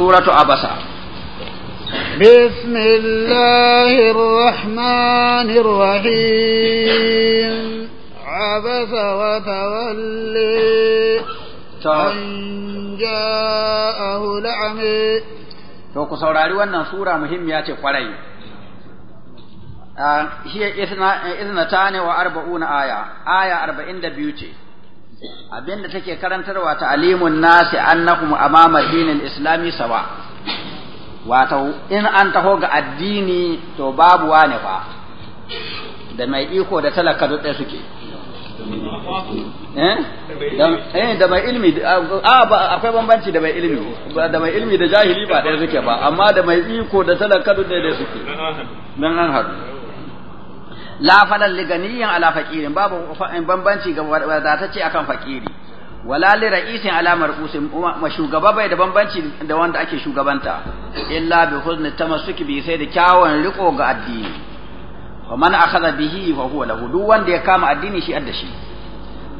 suratu abasa bismillahir rahmanir rahim abasa wa tawalli an ja'ahu al'ami to ku saurari wannan sura muhimmiya ce kwarai ah, hiya isna eh, isna tane wa arba'una aya aya biyu ce abinda take karantarwa ta alimun nasi annahum amama dinin islami sawa wato in an taho ga addini to babu wane fa da mai iko da talaka da ɗaya suke eh, eh da mai ilimi a akwai bambanci da mai ilimi. da mai ilimi da jahili ba ɗaya suke ba amma da mai iko da talaka da ɗaya suke nan an haɗu Lafalan falal li ala faqirin babu bambanci ga wadatacce akan fakiri wala li ra'isin ala marqusin ma shugaba bai da bambanci da wanda ake shugabanta illa bi huzni tamassuki bi sai da kyawun riko ga addini wa man akhadha bihi fa huwa lahu duk wanda ya kama addini shi adda shi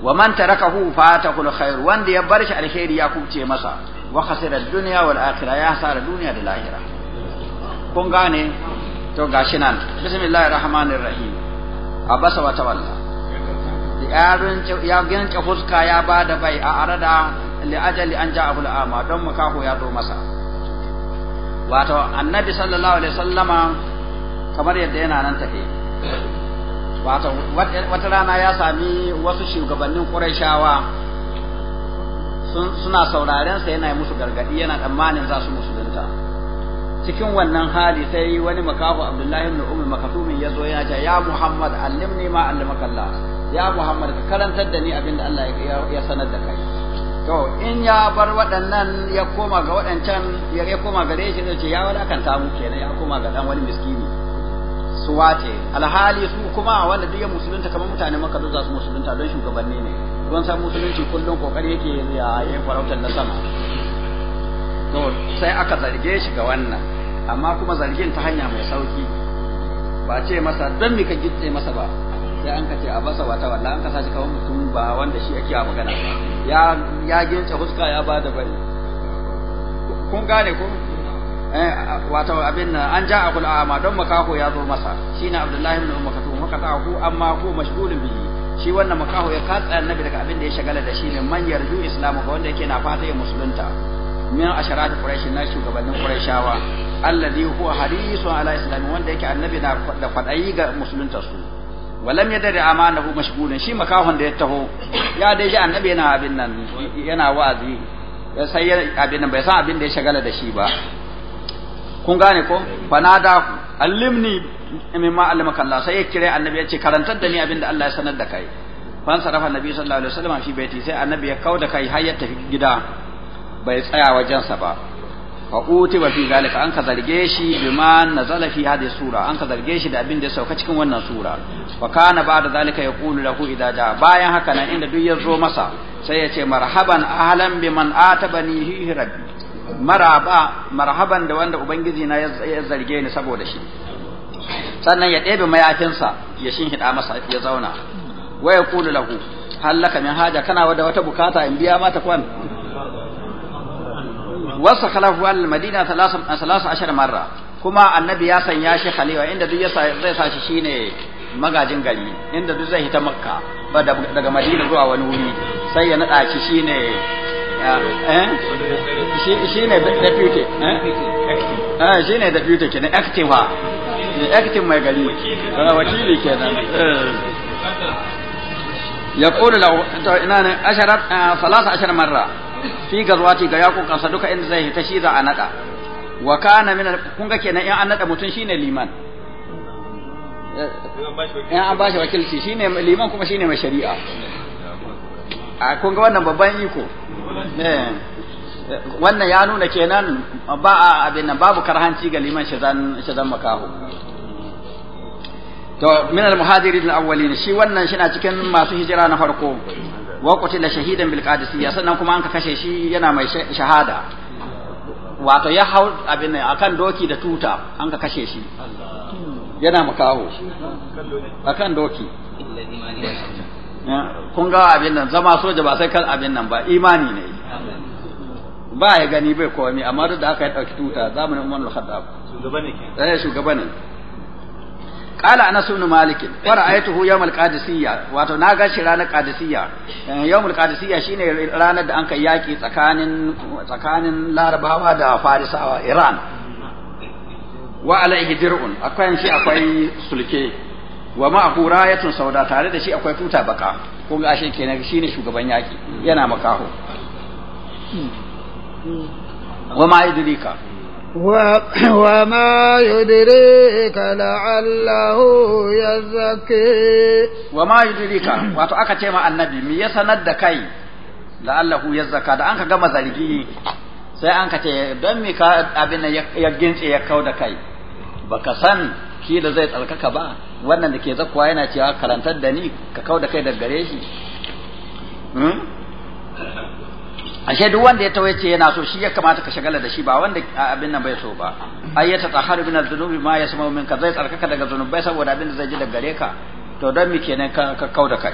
wa man tarakahu fatahu khair wanda ya bar shi alkhairi ya kuce masa wa khasira ad-dunya wal akhirah ya hasara duniya da lahira kun gane to gashi nan bismillahir rahmanir rahim abasa wata walla ya yanke fuska ya ba da bai a arada li'ajali an ja abu la'ama don kahu ya zo masa wato annabi sallallahu alaihi sallama kamar yadda yana nan tafi wato wata rana ya sami wasu shugabannin ƙurashawa suna sauraren sa yana musu gargadi yana tsammanin za su musulunta cikin wannan hali sai wani makafu abdullahi ibn ummi makatumin ya zo yana cewa ya muhammad allimni ma allamaka allah ya muhammad ka karantar da ni abinda allah ya sanar da kai to in ya bar waɗannan ya koma ga waɗancan ya koma gare shi ne ce ya wadakanta mu kenan ya koma ga dan wani miskini su wace alhali su kuma wanda duk ya musulunta kamar mutane maka duk za su musulunta don shugabanni ne don san musulunci kullum kokari yake ya yi farautar na sama to sai aka zarge shi ga wannan amma kuma zargin ta hanya mai sauki ba ce masa dan mika gitse masa ba sai an kace a basa wata wallahi an ka saki kawai mutum ba wanda shi yake a magana ya ya gince huska ya bada bari kun gane ko eh wata abin nan an ja akul ama don makaho ya zo masa shine abdullahi ibn umma katu maka ta ku amma ku mashgulin bihi shi wannan makaho ya katsa annabi daga abin da ya shagala da shi ne man yarju islamu ga wanda yake na fata ya musulunta min asharat quraish na shugabannin quraishawa alladhi huwa harisun ala islami wanda yake annabi na da kwadayi ga musulunta su walam yadri amanahu mashghulun shi makahon da ya taho ya dai ji annabi yana abin nan yana wa'azi sai abin nan bai san abin da ya shagala da shi ba kun gane ko fanada ku allimni mimma allamaka Allah sai ya kire annabi ya ce karantar da ni abin da Allah ya sanar da kai fan sarafa annabi sallallahu alaihi wasallam fi baiti sai annabi ya kauda kai har ya tafi gida bai tsaya wajensa ba wa utiba fi zalika an ka zarge shi bima nazala fi hadhihi sura an ka zarge shi da abin da ya sauka cikin wannan sura wa kana ba'da zalika yaqulu lahu idza ja bayan haka nan inda duk ya zo masa sai ya ce marhaban ahlan biman atabani hi rabbi maraba marhaban da wanda ubangiji na ya zarge ni saboda shi sannan ya ɗebe mayafinsa ya shinhiɗa masa ya zauna wa yaqulu lahu halaka min haja kana da wata bukata in biya mata kwan wasakhalahu al madina ashirin marra kuma annabi ya sanya shi khalifa inda duk zai sa shi shine magajin gari inda duk zai hita makka daga madina zuwa wani wuri sai ya nada shi shine eh, eh? shine deputy eh? eh shine deputy kenan activa active mai gari eh, wakili kenan يقول له إنان عشرة ثلاثة ashirin مرة fi gazwati ga yakukansa duka inda zai hita shi za a nada wa kana min kun ga kenan in an nada mutun shine liman in an bashi wakilci shine liman kuma shine mai shari'a a kun ga wannan babban iko eh. wannan ya nuna kenan ba a abin nan babu karhanci ga liman shazan shazan makaho to min al muhadirin al awwalin shi wannan shi na cikin masu hijira na farko wa qutila shahidan bil qadisiyya sannan kuma an ka kashe shi yana mai shahada wato ya hau abin akan doki da tuta an ka kashe shi yana makaho akan doki kun ga abin nan zama soja ba sai kan abin nan ba imani ne ba ya gani bai komai amma duk da aka yi ɗauki tuta zamanin Umar al-Khattab shugaba ne ke eh shugaba ne qala anas ibn malik wa ra'aytuhu yawm al-qadisiyya wato na ga shi ranar qadisiyya eh, yawm al-qadisiyya shine ranar da an kai yaki tsakanin tsakanin larabawa da farisawa iran wa alaihi dir'un akwai shi akwai sulke wa ma'ahu rayatun sauda tare da shi akwai tuta baka ko ga ashe kenan shine shugaban yaki yana makaho wa ma idrika وما يدريك لعله يزكي وما يدريك wato aka ce ma annabi me ya sanar da kai la'allahu yazzaka da an ka gama zargi sai an ka ce don me abin ya gintse ya kau da kai baka san kila zai tsarkaka ba wannan da ke zakkuwa yana cewa karantar da ni ka kau da kai da gare shi ashe duk wanda ya tawaye yana so shi ya kamata ka shagala da shi ba wanda abin nan bai so ba ai ya tatahharu min ma ya ma min ka zai tsarkaka daga zunubai saboda abin da zai ji daga gare ka to don mi kenan ka ka kauda kai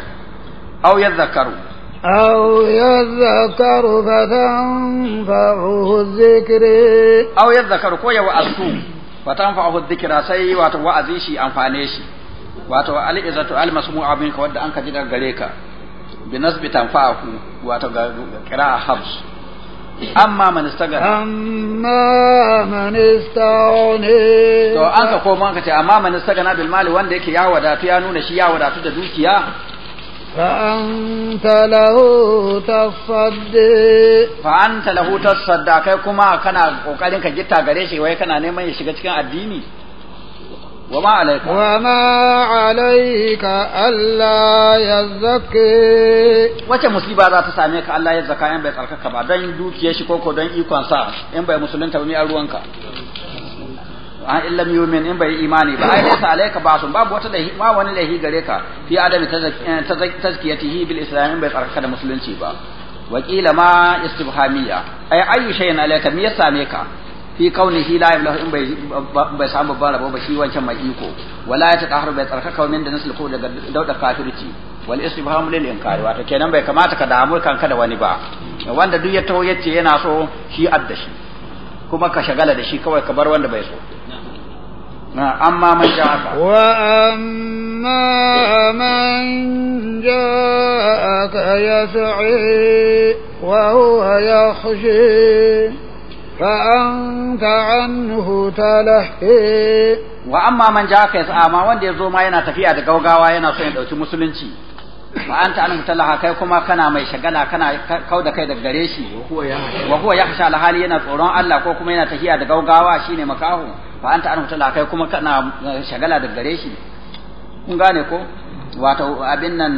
aw yadhakaru aw yadhakaru fa tanfa'uhu dhikri aw zakaru ko ya wa'azu fa tanfa'uhu dhikra sai wato wa'azi shi amfane shi wato al'izatu al-masmu'a ka wanda an ka ji daga gare ka bi nasbi tanfa'uhu wato ga kira a hafs amma man istaghara amma man istaghana to an ka koma ka ce amma man istaghana bil mali wanda yake ya wadatu ya nuna shi ya wadatu da dukiya fa anta lahu tafaddi fa anta lahu tasadda kai kuma kana kokarin ka gita gare shi wai kana neman ya shiga cikin addini وما عليك وما عليك ألا يزكي wace musiba za ta same ka Allah ya zaka in bai tsarkaka ba dan dukiyar shi koko dan ikon sa in bai ba ni an ruwanka an illam yumin in bai imani ba ai laysa alayka ba'sun babu wata da ma wani lahi gare ka fi adam tazkiyatihi bil islam in bai tsarkaka da musulunci ba wa qila ma istibhamiyya ai ayyu shay'in me ya same ka fi shi la yablahu in bai samu babban rabo ba shi wancan mai iko wala ya tadahhar bai tsarka kaumin da nasu ko daga dauda kafirci wal istibham lil inkari wato kenan bai kamata ka damu kanka da wani ba wanda duk ya tawo yace yana so shi adda shi kuma ka shagala da shi kawai ka bar wanda bai so amma man ja'aka wa amma man wa فأنت عنه تلهي وأما من جاءك يسعى ما وند يزو ما ينا تفيا da gaugawa yana so ya dauki musulunci fa anta anhu talaha kai kuma kana mai shagala kana kauda kai daga gare shi wa huwa yakhsha alhali yana tsoron Allah ko kuma yana tafiya da gaugawa shine makahu fa anta anhu talaha kai kuma kana shagala daga gare shi kun gane ko wato abin nan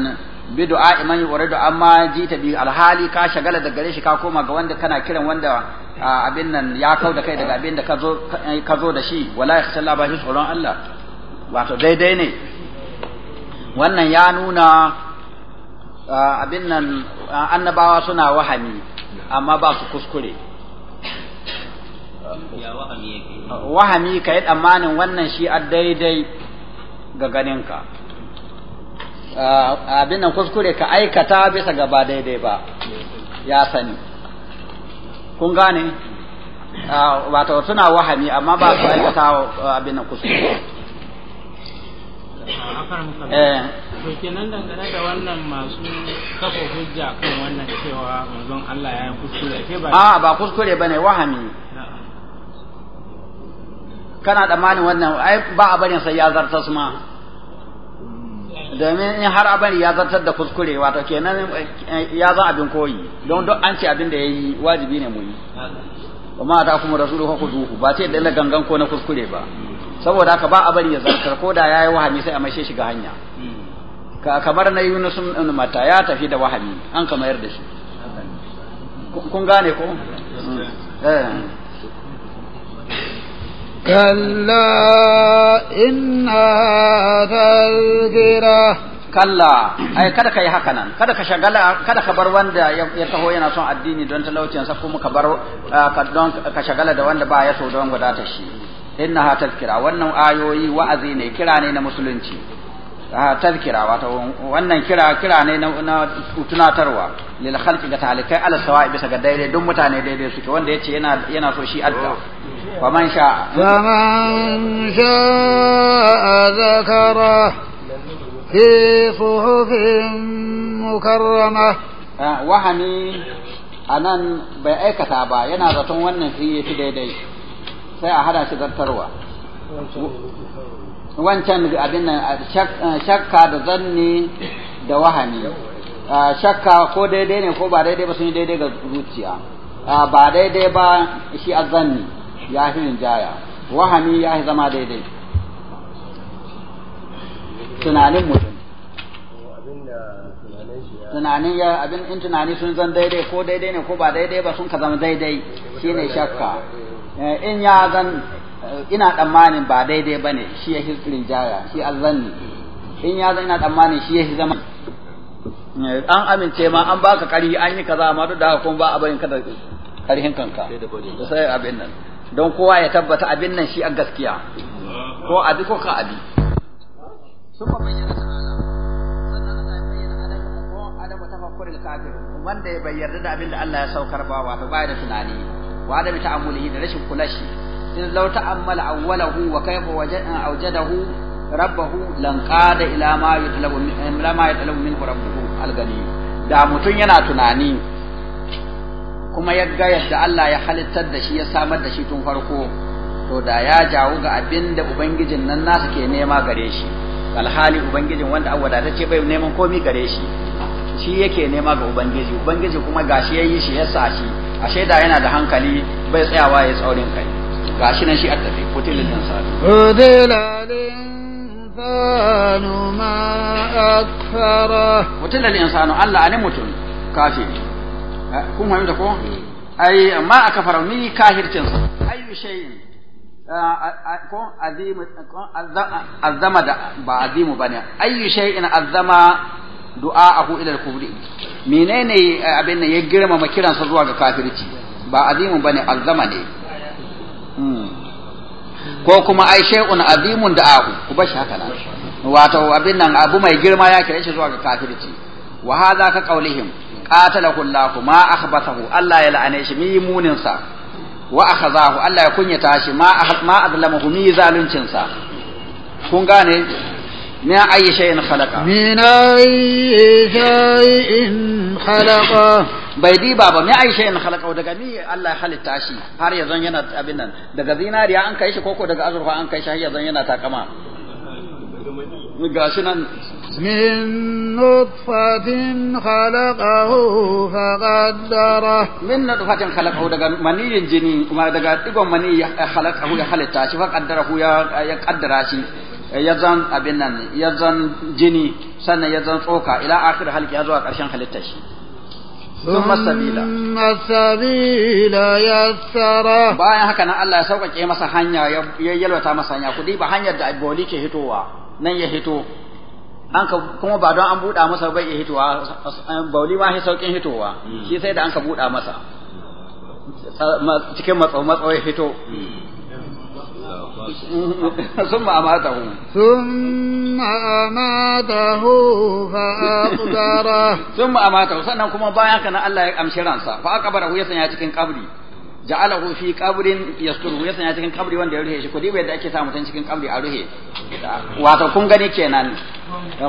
bi bid'a iman yuridu amma jita bi alhali ka shagala daga gare shi ka koma ga wanda kana kiran wanda abin nan ya kau da kai daga abin da ka zo da shi wala ya kasalla ba shi tsoron Allah wato daidai ne wannan ya nuna abin nan annabawa suna wahami amma ba su kuskure wahami ka yi tsammanin wannan shi a daidai ga ganinka abin nan kuskure ka aikata bisa gaba daidai ba ya sani kun gane ba ah, ta suna wahami amma ba su aikata ah, abin nan kuskure ah, eh. to kenan dangane da wannan masu kafa hujja kan wannan cewa manzon Allah ya kuskure ke ba a ba kuskure bane wahami kana tsammanin wannan ai ba a barin sai ya zartas ma domin in har abin ya zartar da kuskure wato kenan eh, ya zan abin koyi don duk an ce abin da ya yi wajibi ne mu yi amma ta kuma rasulu ka duhu ba ce da gangan ko na kuskure ba saboda ka ba abin ya zartar ko da yayi wahami sai a maishe shi ga hanya kamar na Yunus ibn Mata ya tafi da wahami an kamar da shi kun gane ko eh كلا إنها تذكرة kalla ai kada ka yi haka kada ka shagala kada ka bar wanda ya taho yana son addini don talaucinsa kuma ka bar don ka shagala da wanda ba ya so don wadata shi innaha tazkira wannan ayoyi wa'azi ne kira ne na musulunci tazkira wato wannan kira kira ne na tunatarwa lil khalqi ga talikai ala sawa'i bisa ga daidai don mutane daidai suke wanda yace yana yana so shi adda wa man sha wa man sha zakara fi suhufin mukarrama wahani anan bai aikata ba yana zaton wannan shi yafi daidai sai a hada shi zartarwa wancan abin nan shakka da zanni da wahani shakka ko daidai ne ko ba daidai ba sun yi daidai ga zuciya ba daidai ba shi a zanni ya fi jaya wahani ya fi zama daidai tunanin mutum tunanin ya abin in tunani sun zan daidai ko daidai ne ko ba daidai ba sun ka zama daidai shine shakka eh, in ya zan Eh, ina tsammanin ba daidai ba ne shi ya hisrin jaya shi alzanni in ya zan ina tsammanin shi ya hi zama eh, an amince ma an baka karhi an yi kaza amma duk da haka kuma ba a bayin kada karhin kanka sai abin nan don kowa ya tabbata abin nan shi a gaskiya ko abi ko ka abi sun ba bayyana ya bayyana wanda ya bayyana da abin da Allah ya saukar ba wato baya da tunani wa ta amuli da rashin kulashi إذ لو تأمل أوله وكيف أوجده ربه لانقاد إلى ما يطلب إلى ما يطلب منه ربه الغني da mutum yana tunani kuma ya ga yadda Allah ya halittar da shi ya samar da shi tun farko to da ya jawo ga abin da ubangijin nan nasa ke nema gare shi alhali ubangijin wanda an ce bai neman komi gare shi shi yake nema ga ubangiji ubangiji kuma gashi yayi shi ya sa shi a shaida yana da hankali bai tsayawa ya tsaurin kai gashi nan shi a tafi kutilin insanu kutilin insanu ma akfara kutilin insanu Allah ne mutum kafiri eh, kun fahimta ko ai amma aka fara mini kahircin sa ayu shay'in eh, ko azimu azama da ba azimu bane ayu shay'in azama du'a'ahu ila al-kufri menene eh, abin nan ya girmama kiransa zuwa ga kafirci ba azimu bane azama ne Hmm. ko kuma ai shay'un azimun da aku ku bashi haka nan wato abin nan abu mai girma ya kire shi zuwa ga kafirci wa hadha ka qaulihim qatalahu Allah ma akhbathahu Allah ya la'ane shi mimunin sa wa akhazahu Allah ya kunyata shi ma ma azlamahu mi zaluncin sa kun gane من أي شيء خلقه من أي شيء خلقه bai diba ba mai aisha yana halaka daga ni Allah ya halitta shi har ya zan yana abin nan daga zinariya an kai shi koko daga azurfa an kai shi har ya zan yana takama gashi nan min nutfatin khalaqahu faqaddara min nutfatin khalaqahu daga maniyin jini kuma daga digon mani ya khalaqahu ya halitta shi faqaddarahu ya ya kaddara shi Eh, yazan abin nan yazan jini sannan yazan tsoka ila akhir halki ya zuwa ƙarshen halittar shi ثم السبيل السبيل يسره bayan haka nan Allah ya sauƙaƙe masa hanya ya yalwata masa hanya kudi ba hanyar da boli ke hitowa nan ya hito an ka kuma ba don an buɗa masa bai ya hitowa bauli ma shi saukin hitowa hmm. shi sai da an ka buɗa masa cikin matsau matsau ya hito hmm. ثم أماته ثم أماته فأقدره ثم أماته sannan kuma bayan kana Allah ya amshi ransa fa aqbarahu ya sanya cikin kabri ja'alahu fi qabrin yasturu ya sanya cikin kabri wanda ya ruhe shi kudi bai da ake sa mutum cikin kabri a ruhe wato kun gani kenan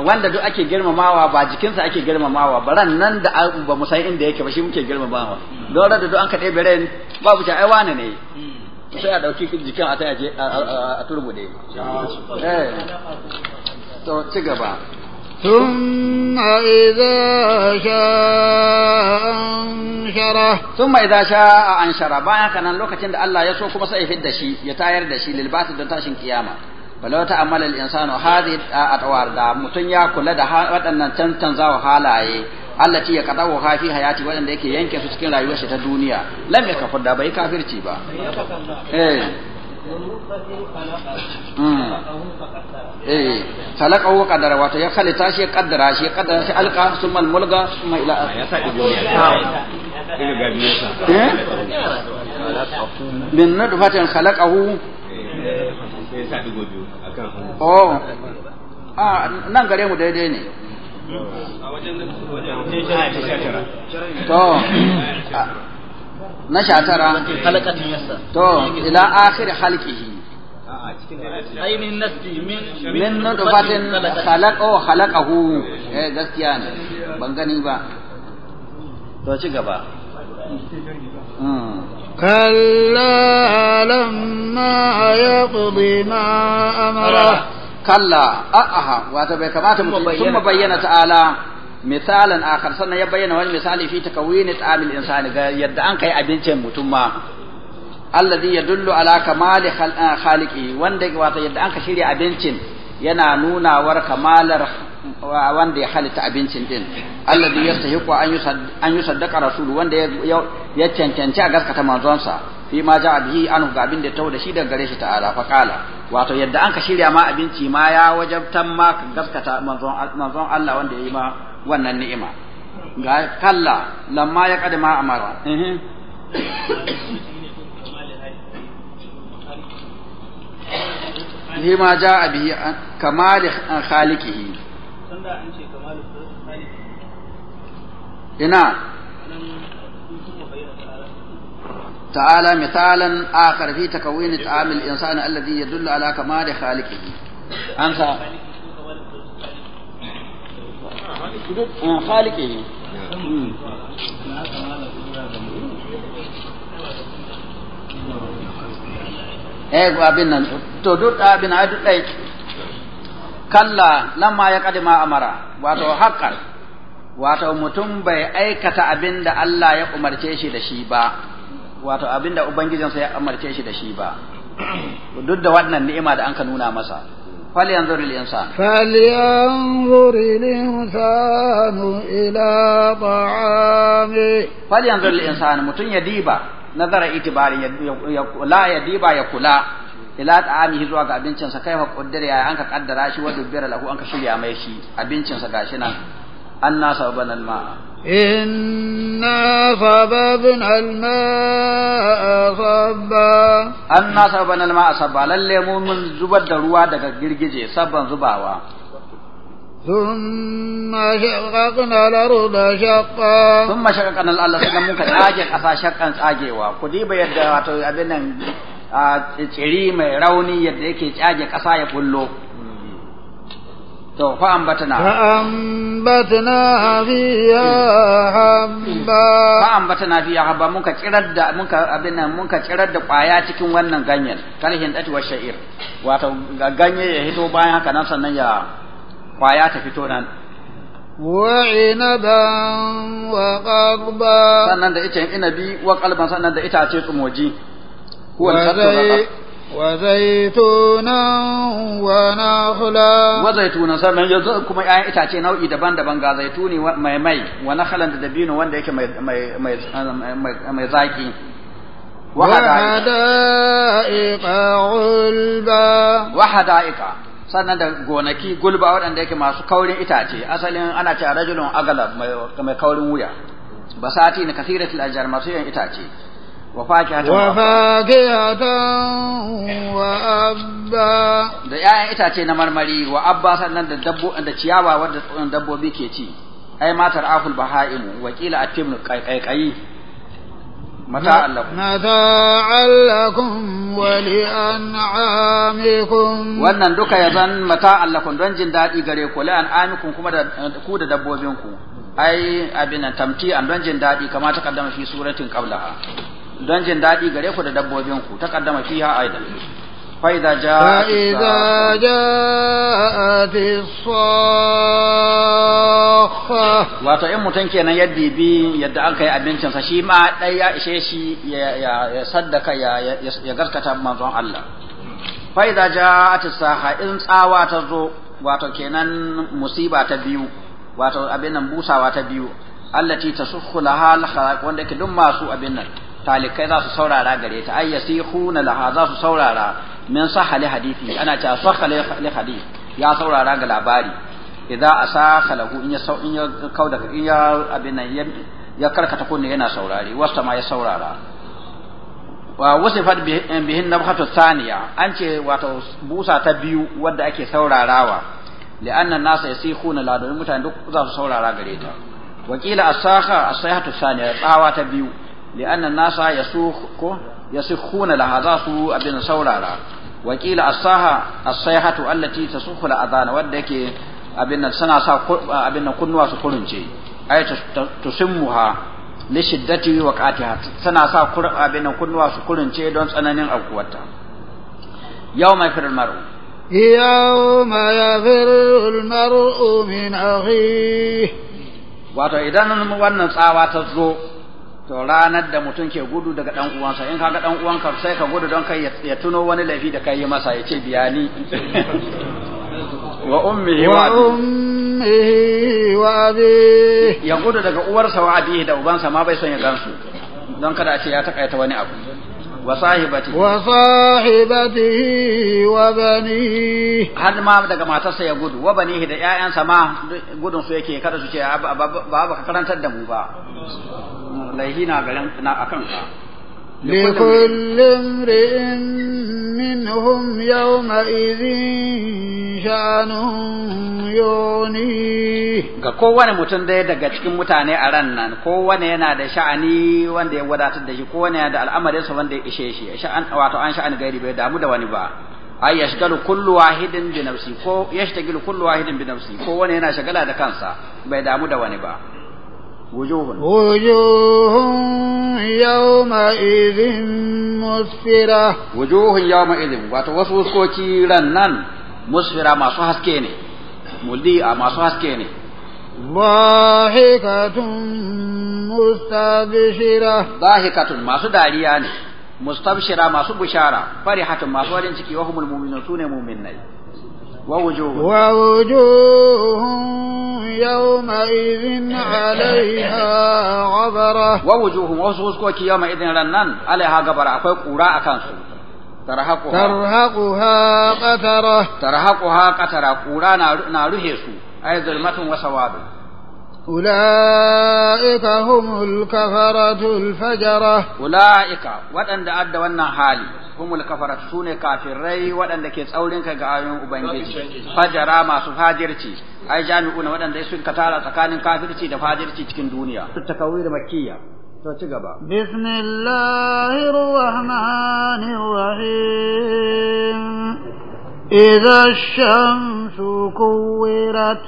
wanda duk ake girmamawa ba jikinsa ake girmamawa baran nan da ba mu san inda yake ba shi muke girmamawa don da duk an kaɗe biren babu ta ai wane ne sai a ɗauki jikin a taya a turbude. Eh. To ci gaba. sun إذا شاء أنشره ثم إذا bayan haka nan lokacin da Allah ya so kuma sai ya fidda shi ya tayar da shi lilbasi don tashin kiyama balau ta'ammala insano insanu a atwar da mutum ya kula da waɗannan canzawa halaye Allah ya kada wa hafi hayati wanda yake yanke su cikin shi ta duniya lam ya kafir da bai kafirci ba eh hmm. eh wa qadara wato ya khalita shi ya qaddara shi ya qaddara shi alqa summa mulga summa ila ya sa eh? min nudfatin khalaqahu eh, oh a ah, nan gare mu daidai ne to na sha tara to ila akhir ai min min min nutfatin khalaqahu eh gaskiya ne ban gani ba to ci gaba hmm. kalla a'aha wato bai kamata mutum sun bayyana ta'ala misalan akhar sannan ya bayyana wani misali fi takawini ta'amil insani ga yadda an kai abincin mutum ma alladhi yadullu ala kamali eh, khaliqi wanda wato yadda an ka shirya abincin yana nunawar kamalar wanda ya halitta abincin din alladhi yastahiqu an yusaddaqa rasulu wanda ya cancanci a gaskata manzonsa fi ma ja bihi Anu ga abin da tawo da shi daga gare shi ta'ala fa qala wato yadda an ka shirya ma abinci ma ya wajabtan ma ka gaskata manzon manzon Allah wanda yayi ma wannan ni'ima ga kalla lamma ya kadama amara eh lima ja bihi Kamal khaliqihi sanda an ce kamali khaliqihi ina تعالى مثالا آخر في تكوين طعام الإنسان الذي يدل على كمال خالقه أنسى خالقه eh abin nan to duk abin ai duk dai kalla lamma ya kadima amara wato haqqan wato mutum bai aikata abin da Allah ya umarce shi da shi ba wato abinda ubangijinsa ya amarce shi da shi ba duk da wannan ni'ima da an ka nuna masa falyanzur al-insan falyanzur al-insan ila ta'ami falyanzur al-insan mutun ya diba nazara itibari ya kula ya diba ya kula ila ta'amihi zuwa ga abincinsa kai fa qaddara ya an ka kaddara shi wa dubbira lahu an ka shirya mai shi abincinsa gashi nan an nasa banal ma'a إنا صببنا الماء صبا أنا صببنا الماء صبا للي من زبد دروا دقا جرجي صبا زباوا ثم شققنا الأرض شقا ثم شققنا الأرض شقا ممكن آجي قصا شقا آجيوا قديبا يدى أبنا tsiri mai rauni yadda yake tsage ƙasa ya kullo to fa ambatna fa ambatna fiha habba fa ambatna fiha habba muka tsirar da muka abin nan muka tsirar da kwaya cikin wannan ganyen talhin dati wa sha'ir wato ganye ya hito bayan haka nan sannan ya kwaya ta fito nan wa'inaban wa qarba sannan da ita inabi wa qalban sannan da itace tsumoji huwa al-qadru وزيتونا ونخلا وزيتونا sannan yanzu kuma ƴaƴan itace nau'i daban-daban ga zaituni mai mai wa nakhalan da dabino wanda yake mai mai mai mai zaki wahada'iqa gulba wahada'iqa sannan da gonaki gulba waɗanda yake masu kaurin itace asalin ana ce rajulun agala mai kaurin wuya basati na kasiratul ajjar masu yin itace وفاكهة وأبا da ‘ya'yan itace na marmari wa abba sannan da dabbo da ciyawa wadda tsohon dabbobi ke ci ai matar aful baha'imu wakila a timnu kaikayi mata allakum mata allakum wa li an'amikum wannan duka ya zan mata allakum don jin daɗi gare ku li an'amikum kuma da ku da dabbobin ku ai abin tamti an don jin daɗi kamar ta kaddama fi suratin qablaha don jin daɗi gare ku da dabbobin ku ta kaddama fiha faida ja faida ja ati الصاخة wato in mutum kenan ya bi yadda yi kai abincinsa shi ma dai ya ishe shi ya saddaka ya gaskata manzon Allah faida ja ati saha in tsawa ta zo wato kenan musiba ta biyu wato abin nan busawa ta biyu allati tasukhu laha al wanda ke duk masu abin nan talikai za su saurara gare ta ay yasihuna laha za su saurara min sahali hadisi ana cewa sahali hadisi ya saurara ga labari idza asakha lahu in ya sau in ya kauda in ya abin nan ya karkata kunne yana saurare wasta ma ya saurara wa wasifat bihin nabhatu thaniya an ce wato busa ta biyu wadda ake saurarawa li'anna an-nasa yasikhuna la domin mutane duk za su saurara gare ta wakila as-sakha as-sayhatu thaniya tsawa ta biyu li'anna nasa yasukhu yasikhuna laha za su abin saurara wakila asaha as-sayhatu allati tasukhu al-adhan wanda yake abin nan sana sa abin nan kunnuwa su kurunce ay tusimmuha li shiddati wa qatiha sana sa abin nan kunnuwa su kurunce don tsananin aukuwarta yawma yafirul mar'u yawma yafirul mar'u min wato idan wannan tsawa ta zo to ranar da mutum ke gudu daga dan uwansa in kaga dan uwanka sai ka gudu don kai ya tuno wani laifi da kai masa ya ce biya wa ummihi wa ummihi wa abi ya gudu daga uwarsa wa abi da ubansa ma bai son ya gansu don kada a ce ya takaita wani abu وصاحبته وصاحبته وبنيه har ma daga matarsa ya gudu wa banihi da ƴaƴansa ma gudun su yake kada su ce ba ba ka karantar da mu ba laifi na garin na akan ka لكل امرئ منهم يومئذ شأن يغنيه ga kowane mutum daya daga cikin mutane a ran nan kowane yana da sha'ani wanda ya wadatar da shi kowane yana da al'amarin sa wanda ya ishe shi sha'an wato an sha'ani gairi bai damu da wani ba ay yashgalu kullu wahidin bi nafsi ko yashtagilu kullu wahidin bi nafsi ko wani yana shagala da kansa bai damu da wani ba وجوه وجوه يومئذ مسفرة وجوه يومئذ واتوسو سوكي رنان مسفرة ما سو حسكيني مليئة ما سو حسكيني ضاحكة مستبشرة ضاحكة ما سو دارياني mustabshira masu bushara farihatu masu warin ciki wa humul mu'minun sune mu'minnai ووجوه ووجوه يومئذ عليها غبرة ووجوه وسوسكوك يومئذ رنان عليها غبرة أكوي قراء كانسو ترهقها ترهقها قترة ترهقها قترة قراء نارهسو أي ظلمة وسواد أولئك هم الكفرة الفجرة أولئك وأن أدى وأن حالي humul kafara sune kafirai waɗanda ke tsaurin ka ga ayoyin ubangiji fajara masu fajirci ai jami'una waɗanda sun tara tsakanin kafirci da fajirci cikin duniya takawir makkiya to ci gaba bismillahir rahmanir rahim idza shamsu kuwirat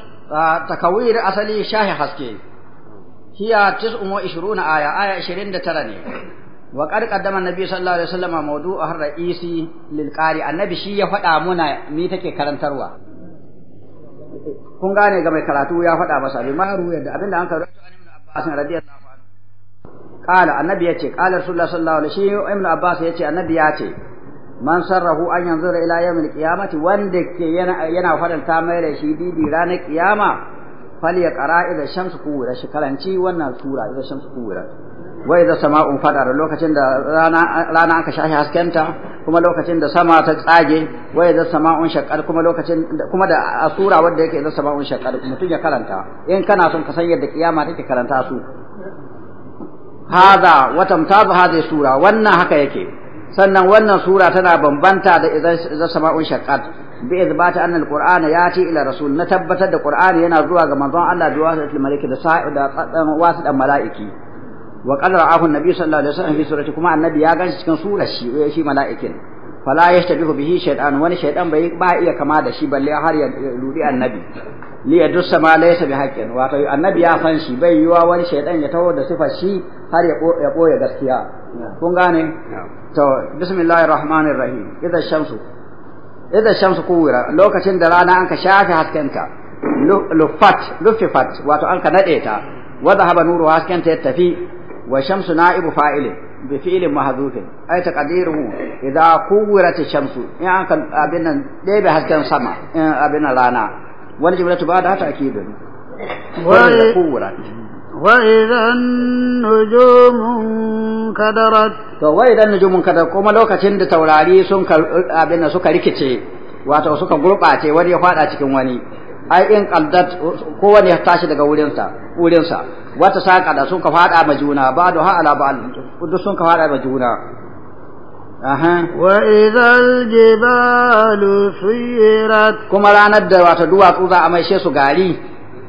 takawir asali shahi haske hiya 29 aya aya 29 ne wa qad qaddama annabi sallallahu alaihi wasallam mawdu'a ar-ra'isi lil qari annabi shi ya faɗa muna me take karantarwa kun gane ga mai karatu ya faɗa masa bi ma ruwa da abinda an karanta an ibn abbas radiyallahu anhu qala annabi yace qala rasulullah sallallahu alaihi wasallam ibn abbas yace annabi yace man sarrahu an yanzura ila yawmil qiyamati wanda ke yana yana faranta mai da shi didi ranar kiyama fal ya qara ila shamsu kuwira shi karanci wannan sura ila shamsu kuwira wai da sama'un fadar lokacin da rana aka shahi haskenta kuma lokacin da sama ta tsage wai da sama'un shaqqar kuma lokacin kuma da asura wanda yake da sama'un shaqqar mutum ya karanta in kana son ka san yadda kiyama take karanta su hada wa tamtazu hadi sura wannan haka yake sannan wannan sura tana bambanta da idan sama'un shaqqat bi izbata anna alqur'ana yati ila rasul na tabbatar da qur'ani yana zuwa ga manzon Allah da wasu malaiki da sa'i da wasu dan mala'iki wa qad ra'ahu an-nabi sallallahu alaihi wasallam fi surati kuma annabi ya ganshi cikin surar shi eh, shi mala'ikin fala yashtabihu bihi shay'an wani shay'an bai ba iya kama da shi balle har ya ludi annabi li yadussa ma laysa bi haqqin wato annabi ya san shi bai yiwa wani shay'an ya tawo da sifar shi har ya boye gaskiya kun gane to bismillahir rahmanir rahim idza shamsu idza shamsu kuwira lokacin da rana an ka shafe haskenta lufat lufifat wato an ka nade ta wa dhahaba nuru haskenta ya tafi wa shamsu na'ibu fa'ilin bi fi'ilin mahdhufin ay taqdiruhu idza kuwirat ash-shamsu in an kan abin nan dai hasken sama in abin rana wani wa وإذا النجوم انكدرت to wai idan nujumun kadar kuma lokacin da taurari sun abin suka rikice wato suka gurɓace wani ya faɗa cikin wani ai in qaldat kowane ya tashi daga wurinsa wurinsa wata saka da sun ka fada ma juna ba da ha ala ba duk sun ka fada ma juna aha wa idhal jibalu suyirat kuma ranar da wata ku za a maishe su gari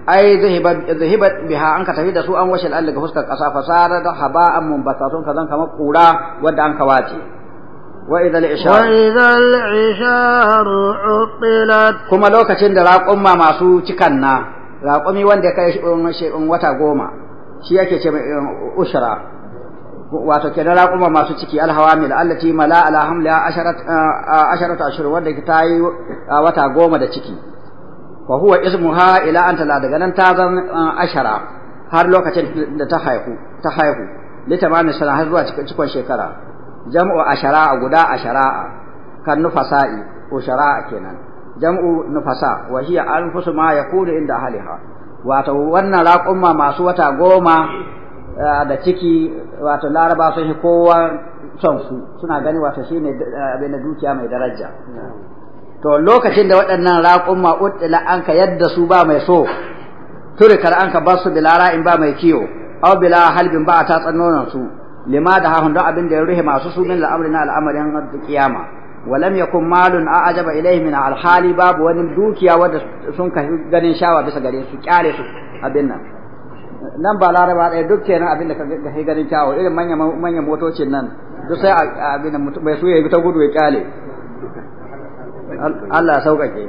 ai zahibat zahiba biha an ka tafi da su an washe al'alla ga fuskar kasa fasara da haba'an mun basatun kazan kamar kura wanda an ka wace وإذا العشاء وإذا العشاء عطلت كما لو كتن دراق راقم ما ماسو تكنا راق أمي وان دكا وتا قوما شيئا أشرا wato ke na masu ciki alhawamil allati mala ala hamla asharat asharat ashhur wanda ta wata goma da ciki fa huwa ismuha ila an tala daga nan ta zan ashara har lokacin da ta haihu ta haihu litamamin sana har zuwa cikon shekara jam'u ashara'a guda ashara'a kan nufasa'i ko shara'a kenan jam'u nufasa wa hiya anfusu ma yakunu inda ahliha wato wannan raƙumma masu wata goma eh, da ciki wato laraba sun shi kowa son su suna gani wato shine eh, abin da dukiya mai daraja to lokacin da waɗannan raƙumma uttila an ka yadda su ba mai so turikar an ka su bilara in ba mai kiyo aw bila halbin ba ta tsannonan su lima da hahun don abin da ya ruhe masu su min na al'amarin kiyama walam yakun malun a ajaba ilaihi min alhali babu wani dukiya wadda sun ka ganin shawa bisa gare su kyale su abin nan nan ba laraba ɗaya duk kenan abin da ka ganin kyawo irin manya manya motocin nan duk sai abin da mai su ya ta gudu ya kyale Allah ya sauƙaƙe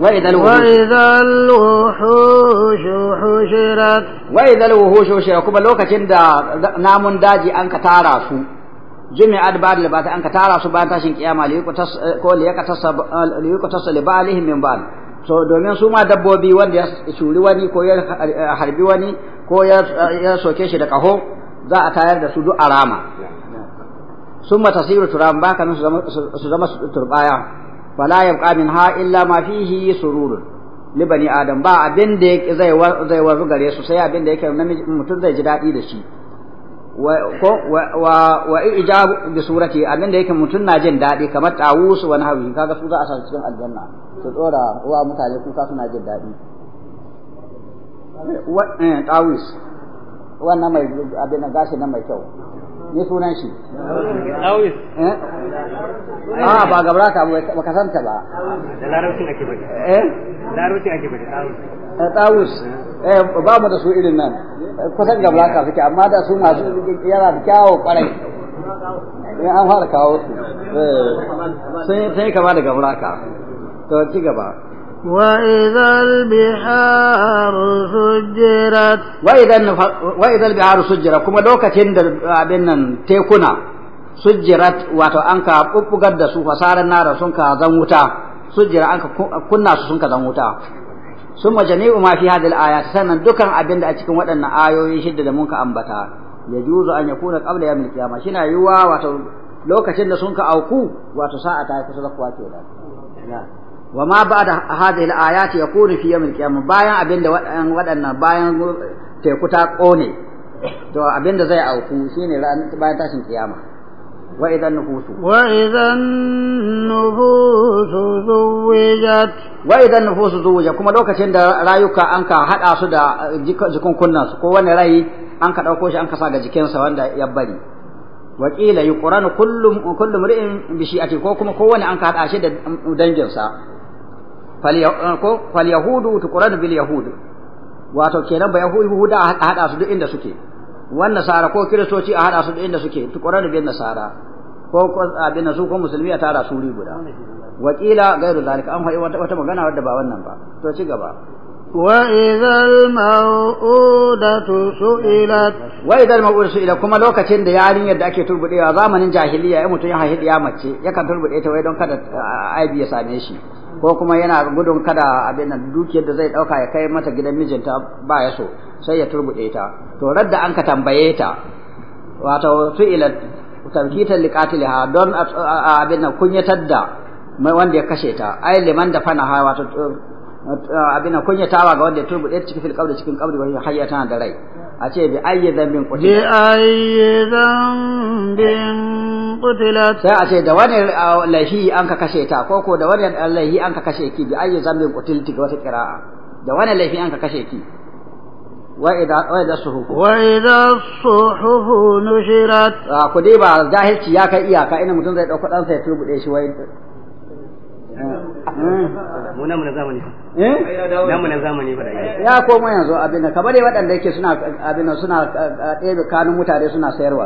وإذا الوحوش وإذا الوحوش حشرت وإذا الوحوش حشرت كما لو كتن دا نامون داجي أنك تارا سو جمع أدبار لبات أنك تارا سو بان تاشن قياما ليكو تصل لبالهم من بال so domin su ma dabbobi wanda ya shuri wani ko ya harbi wani ko ya soke shi da kaho za a tayar da su duk rama sun matasiru turan baka su zama turbaya fala min ha illa ma fihi sururun li bani adam ba abin da zai zai wazu gare su sai abin da yake namiji mutum zai ji dadi da shi wa wa wa ijab bi surati abin da yake mutum na jin dadi kamar tawus wani hawi kaga su za a san cikin aljanna su dora wa mutane kuka suna jin dadi wa tawus wannan mai abin da gashi na mai kyau ne sunan shi Eh? Ah, ba gabra ka ba ka santa ba da larabcin ake bari eh larabcin ake bari eh, eh. eh ba mu da su irin nan eh, kusan gabra ka suke amma da su masu yana da kyawo kwarai an fara kawo su sai kama da gabra ka to gaba وإذا البحار سجرت وإذا وإذا البحار سجرت كما لوكتين أبنن تيكونا سجرت واتو أنكا أبقد دسو فصار النار سنكا زموتا سجرت أنكا كنا سنكا زموتا ثم جميع ما في هذه الآيات سنة دكان أبن أتكم وأن آيوي شدة منك أنبتا يجوز أن يكون قبل يوم القيامة شنا يوا واتو لوكتين سنكا أوكو واتو ساعة تاكسو لقواتي لا wa ma ba'da hadhihi al-ayat yakunu fi yawm al-qiyamah bayan abinda waɗannan bayan teku ta kone to abinda zai auku shine bayan tashin kiyama wa idan nufusu wa idan nufusu zuwijat wa idan nufusu zuwijat kuma lokacin da rayuka an ka hada su da eh, jikin kunnan su ko wani rai an ka dauko shi an ka sa ga jikinsa wanda ya bari wa qila yuqranu kullum kullu mri'in bi shi'ati ko kuma kowane an ka hada shi da danginsa Eh, falyahudu tukuran bil yahudu wato kenan ba yahuda a hada su duk inda suke wan nasara ko kiristoci a hada su duk inda suke tukuran bil nasara ko ko abin su ko musulmi a tara suri guda Wakila gairu zalika an fa'i wata magana wadda ba wannan ba to ci gaba wa idhal mawudatu su'ilat wa idhal mawudatu su'ila kuma lokacin da yarin yadda ake turbudewa zamanin jahiliya ya mutum ya haihu ya mace yakan turbude ta wai don kada eh, aibi ya same shi ko kuma yana gudun kada abin nan dukiyar da zai dauka ya kai mata gidan mijinta ba ya so sai ya turbude ta to radda an ka tambaye ta wato su'ilat tarkitan liqatiliha don abin nan kunyatar da mai wanda ya kashe ta ai liman da fana wato abin nan kunyatawa ga wanda ya turbude ta cikin kabri cikin kabri wani hayyata da rai a ce bi ayyi zambin kutila bi ayyi zambin kutila sai a ce da wani laifi an ka kashe ta ko ko da wani laifi an ka kashe ki bi ayyi zambin kutil ga wata qira'a da wani laifi an ka kashe ki wa idza wa idza suhuf wa idza suhuf nushirat ku dai ba jahilci ya kai iyaka ina mutum zai dauko dan sai tubude shi wai mu namu na zamani eh namu na zamani fa ya koma yanzu abin da kamar waɗanda yake suna abin da suna eh, ɗebe kanun mutane suna sayarwa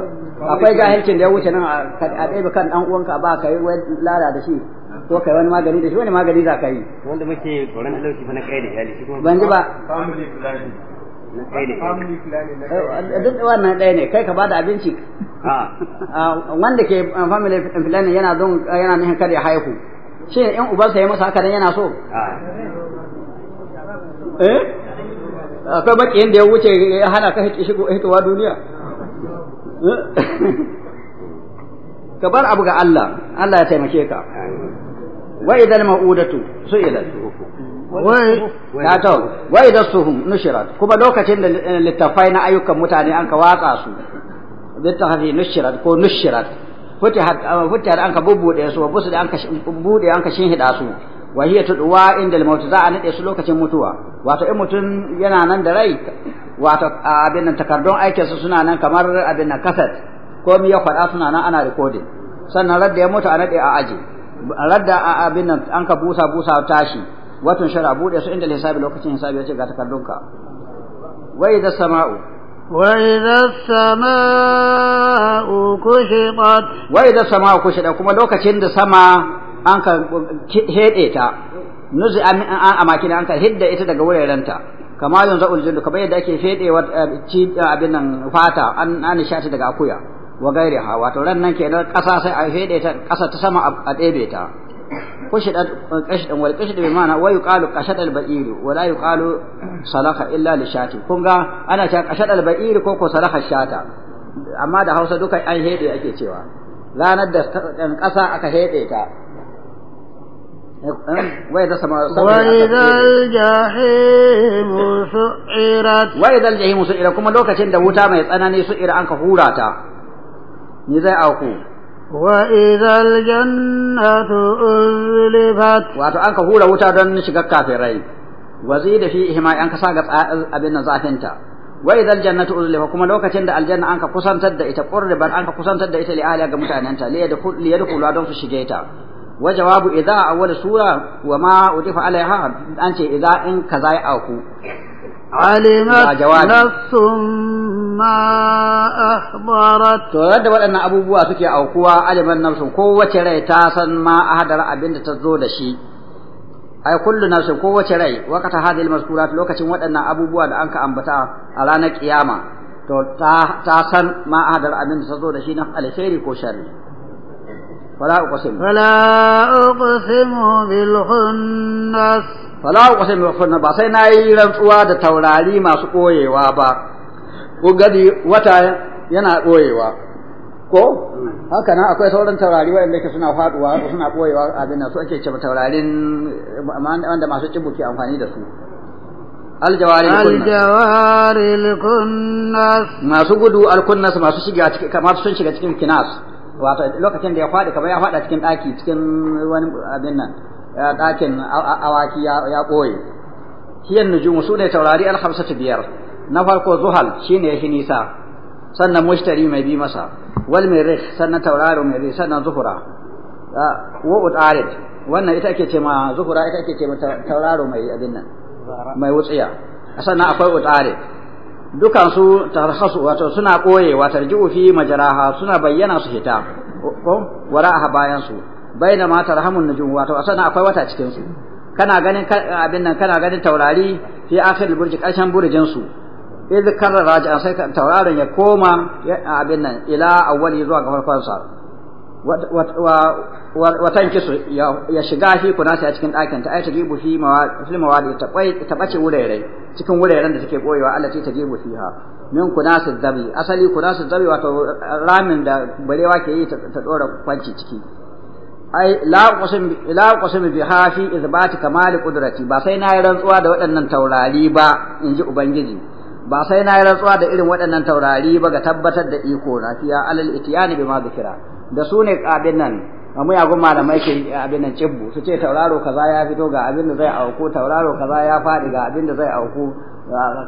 akwai jahilcin da ya wuce nan a ɗebe kan dan uwanka ba kai wai lada da shi ko kai wani magani da shi wani magani za ka yi wanda muke tsoron lauki fa na kai da iyali shi kuma ban ji ba family planning na kai da eh, duk wannan ɗaya ne kai ka bada abinci ah. Ah, wanda ke eh, family planning yana zon yana nihin kada ya haihu ce in ubansa ya masa haka dan yana so eh akwai baki da ya wuce ya hana ka shigo hitowa duniya eh? ka bar abu ga Allah Allah ya taimake ka wa idan ma'udatu su'ilat ta to wa idan suhum nushirat kuma lokacin da littafai na ayyukan mutane an ka watsa su littafi nushirat ko nushirat futihar ah, an ka bubbude su busu da an ka bude an ka shinhida su wa hiya tudwa inda al-maut za a nade su lokacin mutuwa wato in mutum yana nan da rai wato ah, abin nan takardun aikin su suna nan kamar abin nan kaset ko mi ya faɗa suna nan ana recording sannan radda ya mutu a nade a aje radda ah, abin nan an ka busa busa tashi watan shara bude su inda hisabi lokacin hisabi ya ce ga takardunka wai da sama'u وإذا السماء كشطت وإذا السماء كشطت كما لو كشند سما أنك هيدئتا نزع أماكن أنك هيدئتا دقوة لنتا kama yanzu uljudu kamar yadda ake fedewa abin nan fata an an daga akuya wa gairiha wato ran nan kenan ƙasa sai a fede ta ƙasa ta sama a ɗebe ta قشد القشد والقشد بمعنى ويقال قشد البئير ولا يقال صلخ الا لشاتي كونغا انا تا قشد البئير كوكو صلخ الشاتا amma da hausa duka an hede ake cewa ranar da ƙasa aka hede wai da sama wai jahimu su'irat wai da jahimu su'irat kuma lokacin da wuta mai tsanani su'ira an ka hura ta ni zai auku وإذا الجنة أزلفت واتو أنك هورا وتا دون شغا كافرين وزيد فيهما أنك ساقط أبن زافنتا وإذا الجنة أزلفت كما لو كتند الجنة أنك قسان تدى إتا قربت أنك قسان تدى إتا لآلها قمتان أنت ليدخل لأدون سشجيتا وجواب إذا أول سورة وما أضيف عليها أنت إذا إن كذا أوكو علمت نفس ما أحضرت to yadda waɗannan abubuwa suke aukuwa aliman nafsin kowace rai ta san ma ahdara abinda ta zo da shi ai kullu nafsin kowace rai wakata hadil maskurat lokacin waɗannan abubuwa da anka ambata a ranar kiyama to ta san ma ahdara abinda ta zo da shi na alheri ko shari? فلا أقسم فلا أقسم بالخنس فلا أقسم بالخنس ba sai nayi rantsuwa da taurari masu koyewa ba ko gadi wata yana koyewa ko haka nan akwai sauran taurari waɗanda yake suna faduwa suna koyewa abin nan su ake cewa taurarin wanda masu cibu ke amfani da su aljawari alkunnas masu gudu alkunnas masu shiga cikin kamar sun shiga cikin kinas wato lokacin da ya faɗi kamar ya faɗa cikin ɗaki cikin wani abin nan ɗakin awaki ya ɓoye hiyan nujumu su ne taurari alhamsatu biyar na farko zuhal shine ya nisa sannan mushtari mai bi masa wal mirih sannan taurari mai sannan zuhura wa utarid wannan ita ake ce ma zuhura ita ake ce ma tauraro mai abin nan mai wutsiya sannan akwai utarid dukan su tarhasu wato suna koyewa tarji'u fi majaraha suna bayyana su hita ko wara'aha bayan su bayna ma tarhamun najum wato asana akwai wata cikin su kana ganin abin nan kana ganin taurari fi akhir burji karshen burjin su idh karra raja sai tauraron ya koma abin nan ila awwali zuwa ga farkon wa tankisu ya shiga shi kunasa a cikin ɗakin ta ai ta gibu fi mawadi ta kwai ta bace wurare cikin wuraren da take boyewa Allah ta gibu ha. min kunasa zabi asali kunasa zabi wato ramin da barewa ke yi ta dora kwanci ciki ai la qasim la qasim bi hafi izbati kamali qudrati ba sai nayi rantsuwa da waɗannan taurari ba inji ubangiji ba sai nayi rantsuwa da irin waɗannan taurari ba ga tabbatar da iko na fiya alal itiyani ma dhikra da su ne abin nan muyagun malamai ke abin nan cibbu su ce tauraro kaza ya fito ga abin da zai auku tauraro kaza ya faɗi ga abin da zai auku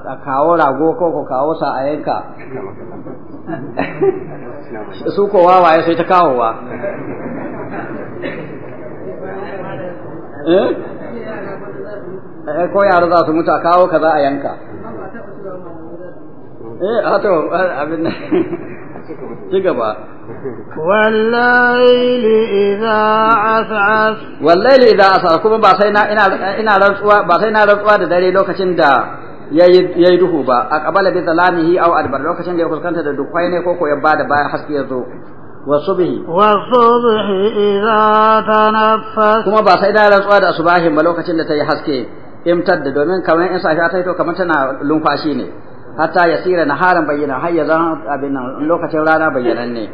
a kawo rago ko ko kawo sa a yanka su ko wawaye sai ta kawowa eh, eh ko yaro za su mutu a kawo kaza a yanka eh hato abin nan ci gaba wallahi idza as'as kuma ba sai na ina rantsuwa ba sai na rantsuwa da dare lokacin da ya yi duhu ba a kabala da zalamihi au adbar lokacin da ya fuskanta da dukwai ne ko ya bada baya haske ya zo bihi. Wasu bihi subhi ta tanaffas kuma ba sai na rantsuwa da subahin ba lokacin da ta yi haske da domin kamar in safiya ta yi to kamar tana lumfashi ne hatta yasira haram bayyana har ya zama abin nan lokacin rana bayyananne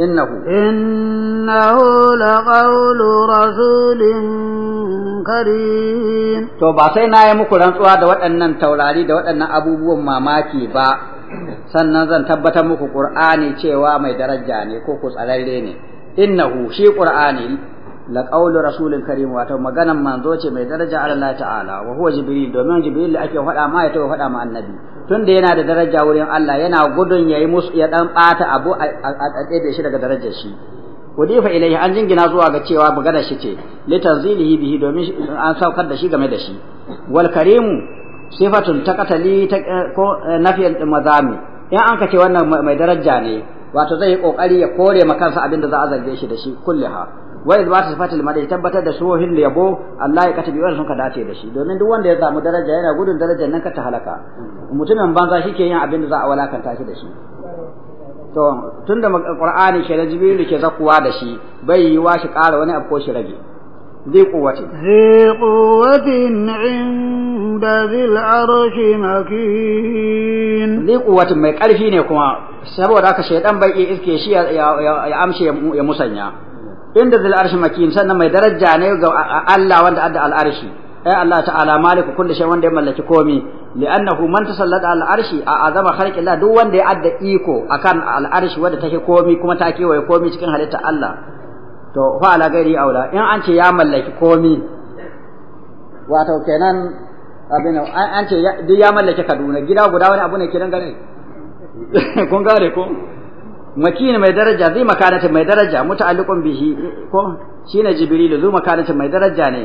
ne innahu la qawlu rasulin karim to ba sai na yi muku rantsuwa da waɗannan taurari da waɗannan abubuwan mamaki ba sannan zan tabbatar muku ƙur'ani cewa mai daraja ne ko ku tsararre ne innahu shi ƙur'ani la qawlu rasulil karim wato maganan manzo ce mai daraja Allah ta'ala wa huwa jibril domin jibril da ake faɗa ma ya tawo faɗa ma annabi tunda yana da daraja wurin Allah yana gudun yayi musu ya dan bata abu a tsaye shi daga darajar shi wadifa ilaihi an jingina zuwa ga cewa magana shi ce li tanzilihi bihi domin an saukar da shi game da shi wal karim sifatun takatali eh, ko eh, nafiyan mazami in an ka ce wannan mai daraja ne wato zai yi kokari ya kore makansa abin da za a zarge shi da shi kulliha wa izbatu sifatul madhi tabbatar da suwohin da yabo Allah ya katabi wanda sun ka dace da shi domin duk wanda ya samu daraja yana gudun darajar nan ka ta halaka mutumin banza shi ke yin abin da za a walakanta shi da shi to tunda qur'ani shi jibril ke zakuwa da shi bai yi wa shi ƙara wani abu ko shi rage ذي قوة ذي قوة عند ذي العرش مكين ذي قوة ما يقال فيني كما سبب ذاك الشيطان بي إذكي شيء يا أمشي يا مسنيا inda zil arshi makin sannan mai daraja ne ga Allah wanda adda al arshi ai eh, Allah ta'ala maliku kulli shay wanda ya mallaki komi li'annahu man tasallata al arshi a azama khalqillah duk wanda ya adda iko akan al arshi wanda take komi kuma ta kewaye komi cikin halitta Allah to fa ala gairi aula in an ce ya mallaki komi wato kenan abin an ce duk ya mallaki Kaduna gida guda wani abu ne kiran gare kun gare ko makin mai daraja zai makanata mai daraja muta'alliqun bihi ko shine jibril zai makanata mai daraja ne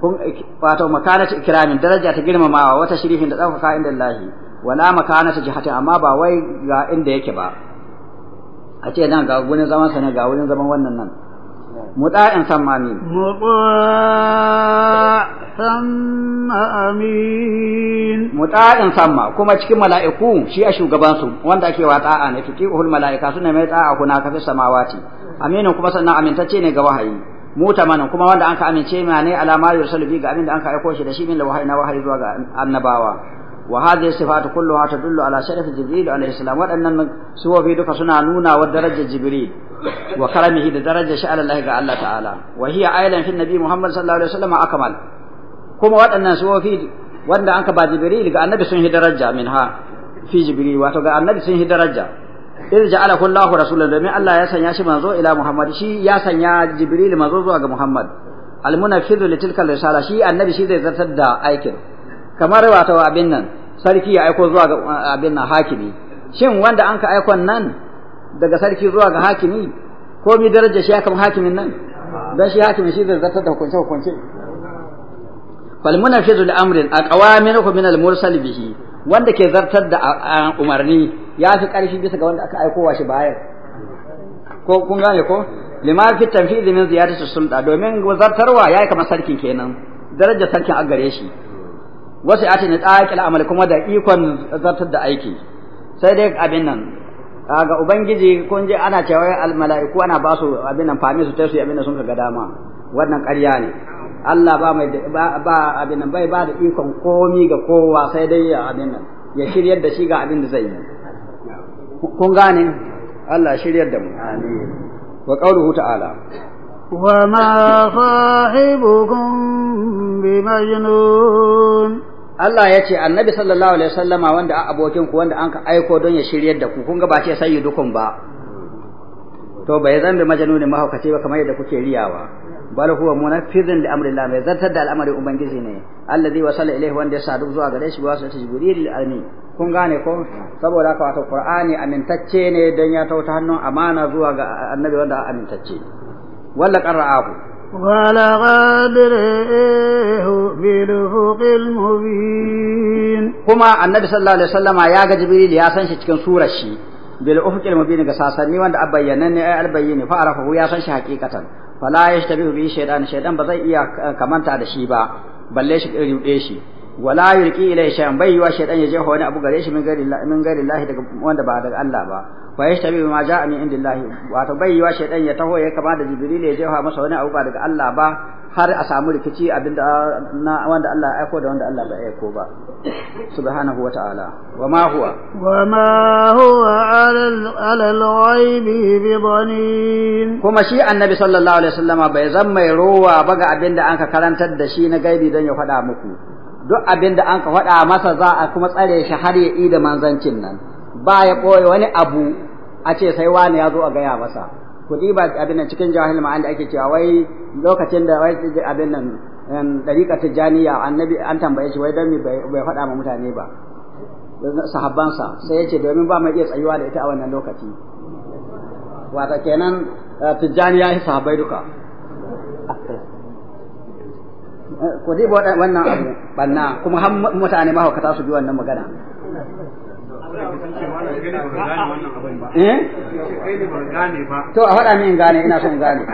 kun wato makanata ikramin daraja ta girmamawa wata shirihin da daukaka inda Allah wala makanata jihati amma ba wai ga inda yake ba a ce nan ga gunin zaman sa ne ga wurin zaman wannan nan مطاعن ثم أمين مطاع ثم أمين مطاع ثم كما تشكي ملائكو شيء أشو قبانسو وانت أكي وطاعة نتكيه الملائكة سنة ميطاعة هناك في السماوات أمين كما سنة أمين تتيني قواهي mutamanin kuma wanda anka amince ma ne alama yursalu يرسل ga abin da anka aiko shi da shi min wahayi na wahayi zuwa ga annabawa wa hadhihi sifatu kulluha tadullu ala sharafi jibril alayhi salam wadannan suwofi duka suna nuna wa darajar jibril wa da darajar shi Allah ga Allah ta'ala wa hiya ailan fi nabi muhammad sallallahu alaihi wasallam akmal kuma wadannan suwofi wanda anka ba jibril ga annabi sun hi daraja minha fi jibril wato ga annabi sun hi daraja iz ja'alahu Allahu rasulan domin Allah ya sanya shi manzo ila Muhammad shi ya sanya Jibril manzo zuwa ga Muhammad al-munaffidhu li risala shi annabi shi zai zartar da aikin kamar wato abin nan sarki ya aiko zuwa ga uh, abin nan hakimi shin wanda an ka aikon nan daga sarki zuwa ga hakimi ko mi daraja shi akan hakimin nan dan shi hakimin shi zai zartar da hukunce hukunce fal munafizu li amrin aqwaminuhu min al mursal bihi wanda ke zartar da uh, uh, umarni ya fi karfi bisa ga wanda aka aiko wa shi bayan ko kun gane ko lima fi tanfidi min ziyadati sulta domin zartarwa yayi kamar sarkin kenan daraja sarkin a gare shi wasu ya ce ni tsakil amal kuma da ikon zartar da aiki sai dai abin nan ga ubangiji kun ji ana cewa al mala'iku ana ba su abin nan fami su tasu abin nan sun ga dama wannan ƙarya ne Allah ba mai ba abin nan bai ba da ikon komi ga kowa sai dai ya abin nan ya shiryar da shi ga abin da zai yi kun gane Allah shiryar da mu amin wa qauluhu ta'ala وما صاحبكم بمجنون Allah ya ce annabi sallallahu alaihi wasallama wanda abokin ku wanda an ka aiko don ya shiryar da ku kun ga ba ce dukun ba to bai zan zambe majnuni mahaukaci ba kamar yadda kuke riyawa bal huwa munaffidun li amri Allah mai zartar da al'amarin ubangiji ne allazi wasala ilaihi wanda ya sadu zuwa gare shi wasu ta jibril alami kun gane ko saboda haka wato qur'ani amintacce ne don ya tauta hannun amana zuwa ga annabi wanda amintacce ne wala qara'ahu wala qadrihu bil fuqil mubin kuma annabi sallallahu alaihi ya ga jibril ya san shi cikin surar shi bil ufqil mubin ga sasanni wanda abayyana ne ai albayyini fa arafahu ya san shi hakikatan fala yashtabihu bi shaytan shaytan ba zai iya kamanta da shi ba balle shi rude shi wala yulqi ilai shay'an bai yiwa shaytan ya jeho wani abu gare shi min gari min gari Allah daga wanda ba daga Allah ba wa yashtabi ma ja'a min indillahi wato bai yiwa shaytan ya taho ya kama da jibril ya jeho masa wani abu ba daga Allah ba har a samu rikici abinda na wanda Allah ya aiko da wanda Allah bai aiko ba subhanahu wa ta'ala wa ma huwa wa ma huwa ala al-ghaibi bi dhanin kuma shi annabi sallallahu alaihi wasallama bai zama mai rowa ba ga abinda an ka karantar da shi na gaibi don ya faɗa muku duk abin da an ka faɗa masa za a kuma tsare shi har ya yi da manzancin nan ba ya ɓoye wani abu a ce sai wani ya zo a gaya masa kuɗi ba abin nan cikin jahil ma'an da ake cewa wai lokacin da wai abin nan ɗariƙa tijjaniya annabi an tambaye shi wai don me bai faɗa ma mutane ba sahabbansa sai ya ce domin ba mai iya tsayuwa da ita a wannan lokaci wata kenan eh, Tijjani ya sahabbai duka ku diba wannan abu banna kuma har mutane ma hukata su bi wannan magana eh? To a faɗa min gane ina son gane.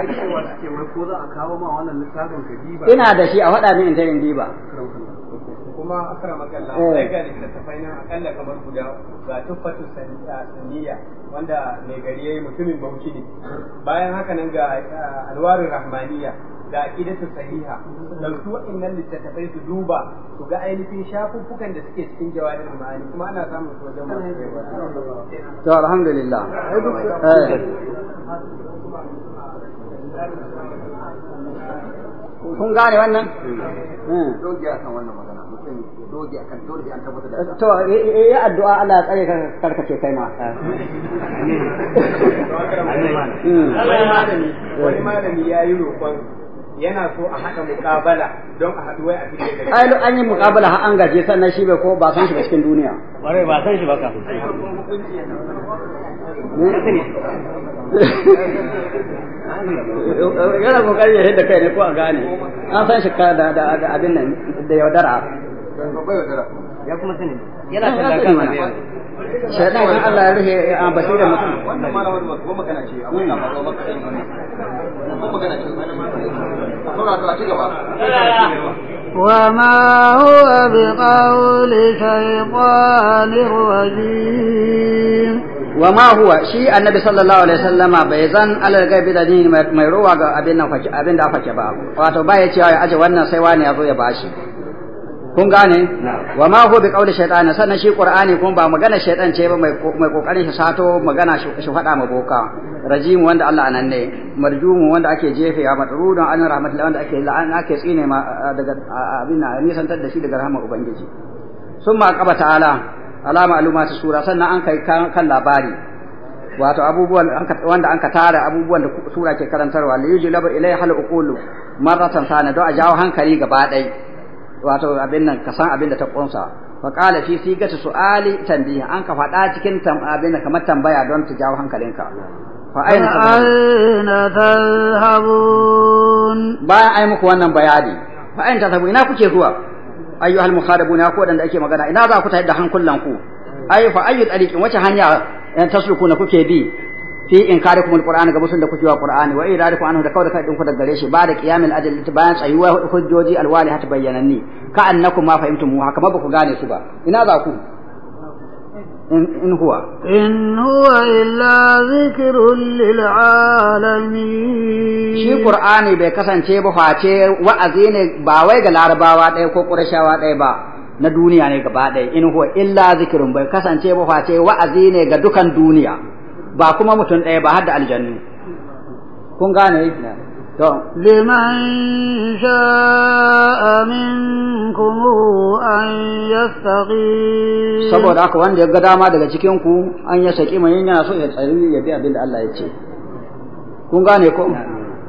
Ina da shi a faɗa min in tarin diba. Kuma akara makalla, sai eh. ga littattafai nan akalla kamar guda ga tuffatu saniya wanda mai gari ya yi mutumin bauchi ne. Bayan haka nan ga eh, alwarin rahmaniya da akidatu sahiha su waɗannan littattafai su duba su ga ainihin shafukan da suke cikin jawahir ma'ani kuma ana samun su wajen masu to alhamdulillah eh. kun gane wannan hmm. doge akan wannan magana an tabbata da ya eh, eh, addu'a Allah ya tsare ka karkace kai ma hmm. wani malami ya yi yayi roƙon yana so a haɗa muƙabala don a haɗu wai a cikin ai an yi muƙabala har an gaje sannan shi bai ko ba san shi ba cikin duniya ware ba san shi ba ka yana kokari ya hidda kai ne ko a gane an san shi ka da abin nan da yaudara ya kuma sani yana kan da kan Allah ya rufe a mutum wannan magana ce وما هو بقول شيطان رجيم وما هو شيء النبي صلى الله عليه وسلم بيزن على الغيب da ni mai ruwa ga abin nan ba wato ba ya cewa ya aje wannan sai wani ya zo ya bashi kun gane wa ma hu bi qawli shaytan sannan shi qur'ani kun ba magana shaytan ce ba mai kokarin shi sato magana shi fada ma boka rajim wanda Allah anan ne marjum wanda ake jefe ya matrudun an rahmatullahi wanda ake la'an ake tsine ma daga abin na nisantar da shi daga rahmar ubangiji summa qaba ta'ala alama alumatu sura sannan an kai kan labari wato abubuwan wanda an ka tara abubuwan da sura ke karantarwa la yujlaba ilai hal uqulu maratan sana do a jawo hankali gaba dai wato abin nan ka san abin da ta kunsa fa qala fi sigati su'ali tanbiha an ka faɗa cikin abin da kamar tambaya don ta jawo hankalinka fa aina tadhhabun bayan ai muku wannan bayani fa aina tadhhabun ina kuke zuwa ayyuhal mukhadabuna ko dan da ake magana ina za ku tayar da hankulanku ai fa ayu tariqin wace hanya eh, tasluku na kuke bi fi kuma alqur'ani ga musun da kuke wa qur'ani wa iradikum anhu da kawai kai ku daga gare shi ba da qiyamil adl bayan tsayuwa hujjoji alwalihat bayyananni ka annakum ma fahimtum haka ba ku gane su ba ina za ku in huwa in huwa illa zikrun lil alamin shi qur'ani bai kasance ba face wa'azi ne ba wai ga larabawa ɗaya ko qurashawa ɗaya ba na duniya ne gaba ɗaya in huwa illa zikrun bai kasance ba face wa'azi ne ga dukan duniya ba kuma mutum ɗaya ba har da aljannu kun gane to liman sha'a minkum an yastaqi saboda haka wanda ya ga dama daga cikin ku an ya saki mai yana so ya tsari ya bi abin da Allah ya ce kun gane ko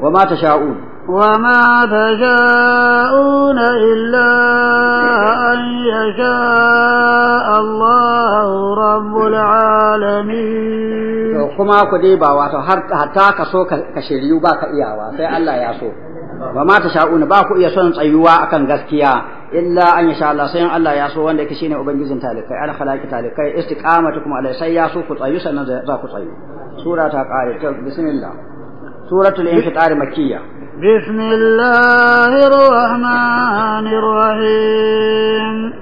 wa ma tasha'un وما تشاءون إلا أن يشاء الله رب العالمين kuma ku dai ba wato har hatta ka so ka shiryu ba sai Allah ya so ba sha'una ba ku iya son tsayuwa akan gaskiya illa an yasha Allah sai Allah ya so wanda yake shine ubangijin talikai al khalaqi talikai istiqamatukum alai sai ya so ku tsayu sannan za ku tsayu sura ta بسم الله الرحمن الرحيم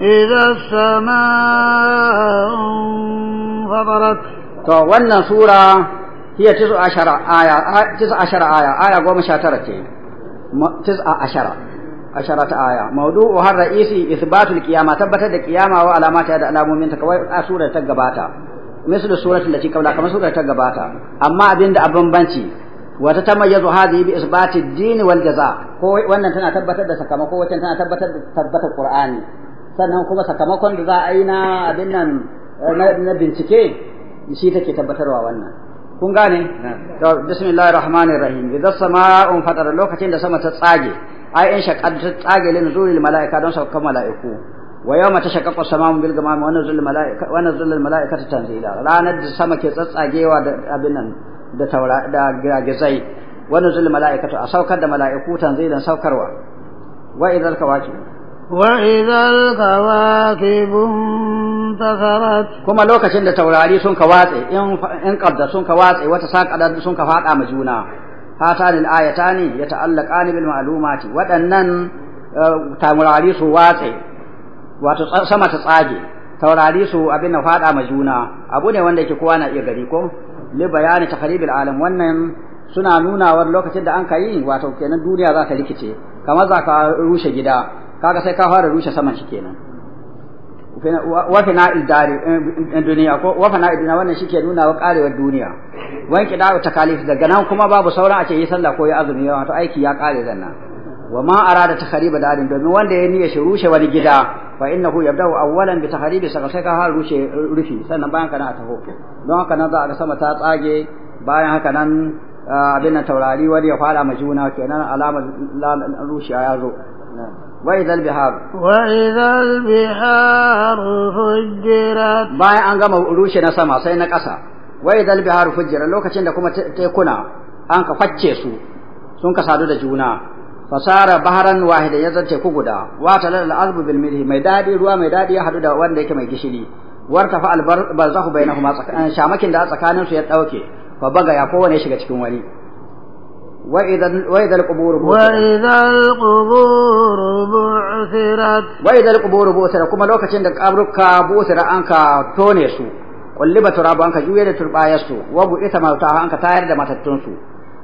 إذا السماء انفطرت to wannan sura hiya tisu ashara aya tisu ashara aya aya goma sha tara ce tisu ashara ashara ta aya mawdu'u har ra'isi ithbatul qiyama tabbatar da qiyama wa alamata da alamomin ta kawai a surar ta gabata misal suratul lati qabla kamar surar ta gabata amma abinda a bambanci wata tamayyazu hadhihi bi isbati ad-din wal jaza ko wannan tana tabbatar da sakamako tana tabbatar sannan kuma sakamakon da za a yi na abin nan na bincike shi take tabbatarwa wannan kun gane to bismillahir rahmanir rahim idan sama'un lokacin da sama ta tsage ai in shaqqat ta tsage lin zulil malaika don malaiku wa yawma tashaqqaqu sama'u bil gamam wa nazalul malaika wa nazalul tanzila ranar da sama ke tsatsagewa da abin nan da taura da giragizai wa nuzul mala'ikatu a saukar da mala'iku dan saukarwa wa idzal kawakib wa idzal kawakib tasarat kuma lokacin da taurari sun ka watsa, in in qabda sun ka watse wata saqada sun ka fada ma juna hatanil ayatani yata'allaqani bil ma'lumati wadannan eh, taurari su watse wato sama ta tsage taurari su abin da fada ma juna abu ne wanda yake kowa na iya gari ko li bayani takhribil alam wannan suna nunawar lokacin da an kai wato kenan duniya za ta rikice kamar za ka rushe gida kaga sai ka fara rushe saman shi kenan wa dari idari eh, duniya ko wa fina idina wannan shike nuna wa karewar duniya wanki da takalif daga nan kuma babu sauran a ce yi sallah ko yi azumi wato aiki ya kare zanna wa ma arada takhriba darin domin wanda ya niyya shi rushe wani gida fa innahu yabda'u awwalan bi tahribi saka sai ka har rushe rufi sannan bayan kana taho don haka nan za a ga sama ta tsage bayan haka nan abin nan taurari wani ya fara ma juna kenan alamar rushe ya zo وإذا البحار وإذا البحار فجرت Bayan an gama rushe na sama sai na ƙasa وإذا البحار فجرت lokacin da kuma tekuna an ka facce su sun ka sadu da juna fasara baharan wahida ya ce ku guda wa talal al'azbu bil milhi mai dadi ruwa mai dadi ya hadu da wanda yake mai gishiri wartafa al barzahu bainahuma shamakin da tsakanin su ya dauke fa baga ya kowane ya shiga cikin wani wa idan wa idan qubur wa idan qubur bu'thirat wa idan qubur bu'thirat kuma lokacin da kabruka bu'thira ka tone su kulliba turabu ka juye da turbayar su wa bu'ita mauta ka tayar da matattun su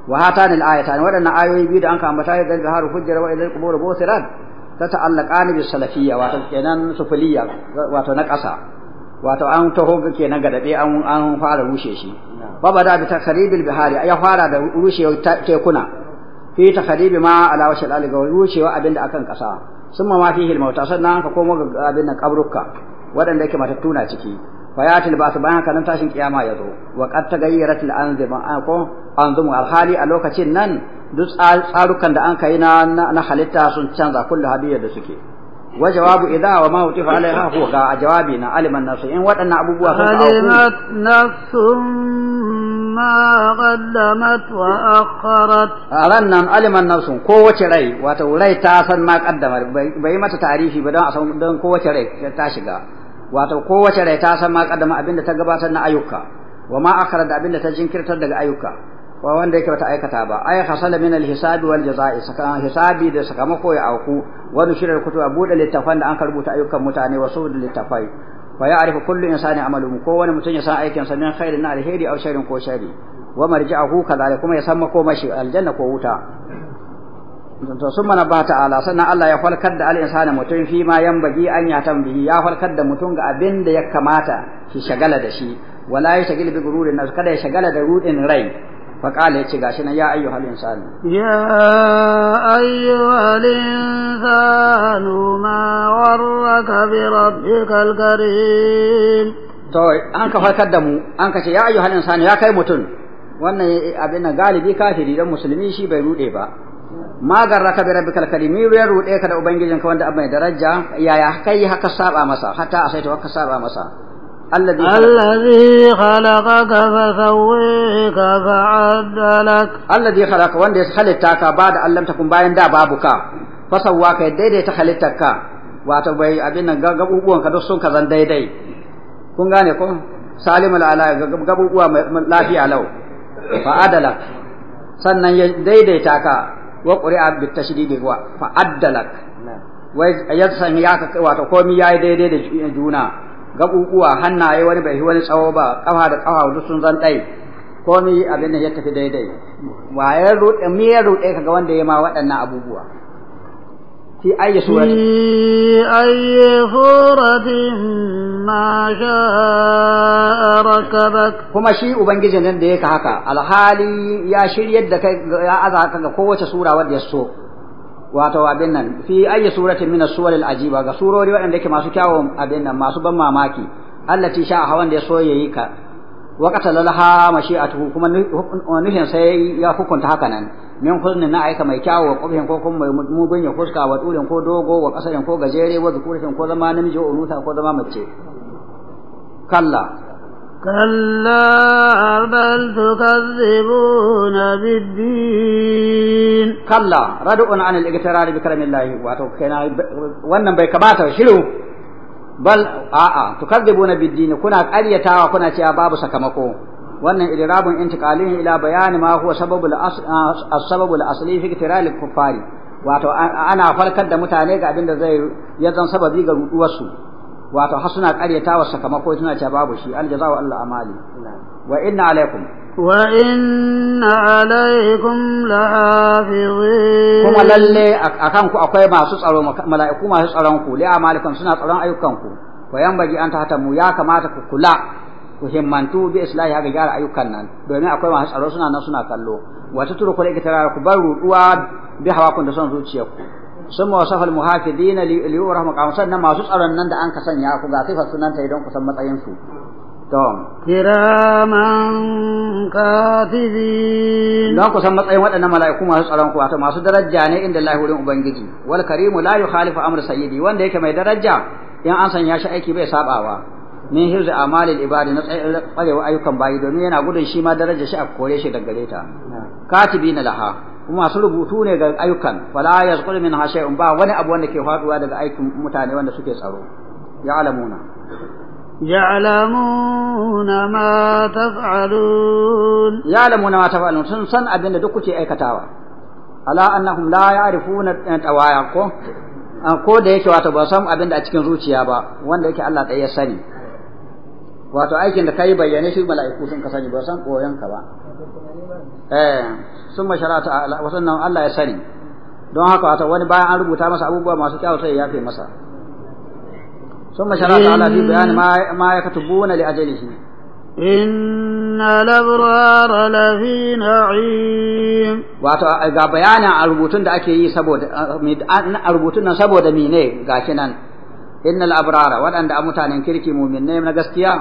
wa hatani al-ayatan ayoyi biyu da an ka ambata da al-biharu hujjar wa ilal qubur busirat ta ta'allaqani bis salafiyya wato kenan sufuliyya wato na ƙasa wato an taho kenan ga an fara rushe shi fa bada bi takhribil bihari ya fara da rushewar tekuna fi takhribi ma ala washal al ga rushewa abinda akan ƙasa summa ma fihi al sannan an ka komo ga abin nan kabrukka wadanda yake matattuna ciki fayati albasu bayan haka nan tashin kiyama ya zo wa qad tagayyarat al-anzima ko anzumu hali a lokacin nan duk tsarukan da an kai na na halitta sun canza kullu habiyar da suke wa jawabu idza wa ma utifa alaiha huwa ga a jawabi na aliman nasu in waɗannan abubuwa sun auku alimat nafsum ma qaddamat wa akharat aran nan aliman ko kowace rai wato rai ta san ma qaddamar bai mata tarihi ba don a san don kowace rai ta shiga wato kowace rai ta san ma kaddama abinda ta gabatar na ayyuka wa ma akhara da abinda ta jinkirtar daga ayyuka wa wanda yake bata aikata ba ay hasala min al-hisabi wal jazaa'i sakan hisabi da sakamako ya auku wa nushirar kutuba bude littafan da an karbuta ayyukan mutane wa sawd littafai fa ya'rifu kullu insani amaluhu ko wani mutum ya san aikin sa min khairin na alheri aw sharrin ko sharri wa marji'ahu kadhalika kuma ya san makomashi aljanna ko wuta to sun mana ba ta'ala sannan Allah ya falkar da al'insani mutum fi ma yan bagi an ya tambihi ya falkar da mutum ga abin da ya kamata shi shagala da shi wala ya shagil da gururi na kada ya shagala da rudin rai fa ya yace gashi nan ya ayyuhal insani ya ayyuhal insani ma warraka bi rabbikal karim to an ka farkar da mu an ka ce ya ayyuhal insani ya kai mutum wannan abin nan galibi kafiri dan musulmi shi bai rude ba ma ka bi rabbikal karim mi ya rude ka da ubangijinka wanda abu mai daraja yaya kai haka saba masa hatta asaita haka saba masa fa sawwaka fa adalak alladhi khalaqa wanda ya halitta ba da Allah kun bayan da babu ka sawwaka daidai daidaita halitta ka wato bai abin nan gabubuwan ka duk sun ka zan daidai kun gane ko salimul ala gabubuwa lafiya lau fa adalak sannan ya daidaita ka wa quri'a bi tashdidi wa fa addalak wai yasami aka wato komai yayi daidai da juna gabubuwa hannaye wani bai wani tsawo ba kafa da kafa duk sun zan dai komai abin da ya tafi daidai wa ya rude me ya rude kaga wanda ya ma waɗannan abubuwa في أي سورة في أي سورة ما شاء ركبك كما شيء أبنجز أن ديك هكا الحالي يا شيء يدك يا أذاك قوة سورة wato abin nan fi ayyi suratin min as-suwar al-ajiba ga surori waɗanda ke masu kyawun abin nan masu ban mamaki Allah ci sha hawan da ya so ka wa qatala laha mashi'atuhu kuma nuhin sai ya hukunta haka nan min hulnin na aika mai kyawu wa ko kuma mugun ya fuska wa durin ko dogo wa kasarin ko gajere wa ko zama namiji ko zama mace kalla kalla bal tukazzibuna biddin kalla rad'un an al-iqtirar bi karamillahi wato kenan wannan bai kamata shiru bal a'a tukadzibuna na din kuna ƙaryatawa kuna cewa babu sakamako wannan idrabun intiqalin ila bayani ma huwa sababul as-sababul asli fi iktiral kuffari wato ana farkar da mutane ga abin da zai ya sababi ga ruduwar su wato har suna ƙaryatawa sakamako suna cewa babu shi aljaza wa Allah amali wa inna alaikum وإن عليكم لحافظين kuma lalle akan ku akwai masu tsaro mala'iku masu tsaron ku li amalikum suna tsaron ayyukan ku wa yanbaghi an tahtamu ya kamata ku kula ku himmantu bi islahi ga gyara ayyukan nan domin akwai masu tsaro suna nan suna kallo wa tatruku la iktirara ku bar ruduwa bi hawakun da son zuciyar ku sun wasafa al-muhafidina tsaron nan da ku ga idan ku san matsayin su kiraman katibin don ku san matsayin waɗannan mala'iku masu tsaron ku masu daraja ne inda Allah wurin ubangiji wal karimu la yukhalifu amr sayyidi wanda yake mai daraja in an sanya shi aiki bai sabawa min hirzi amalil ibadi na tsarewa ayyukan bayi domin yana gudun shi ma daraja shi a kore shi daga gare ta na laha kuma masu rubutu ne ga ayyukan fala yazqulu min shay'un ba wani abu wanda ke faɗuwa daga aikin mutane wanda suke tsaro ya alamuna يعلمون ما تفعلون يعلمون ما تفعلون sun san abin da duk kuke aikatawa ala annahum la ya'rifuna tawaya ko ko da yake wato ba san abin da a cikin zuciya ba wanda yake Allah ɗaya ya sani wato aikin da kai bayyane shi mala'iku sun ka sani ba san koyon ka ba eh sun masharata wasannan Allah ya sani don haka wato wani bayan an rubuta masa abubuwa masu kyau sai ya fi masa ثم شرع تعالى في بيان ما ما يكتبون لأجله إن الأبرار لفي نعيم wato ga bayanin a rubutun da ake yi saboda a rubutun saboda mine ga kinan innal abrara waɗanda mutanen kirki muminai na gaskiya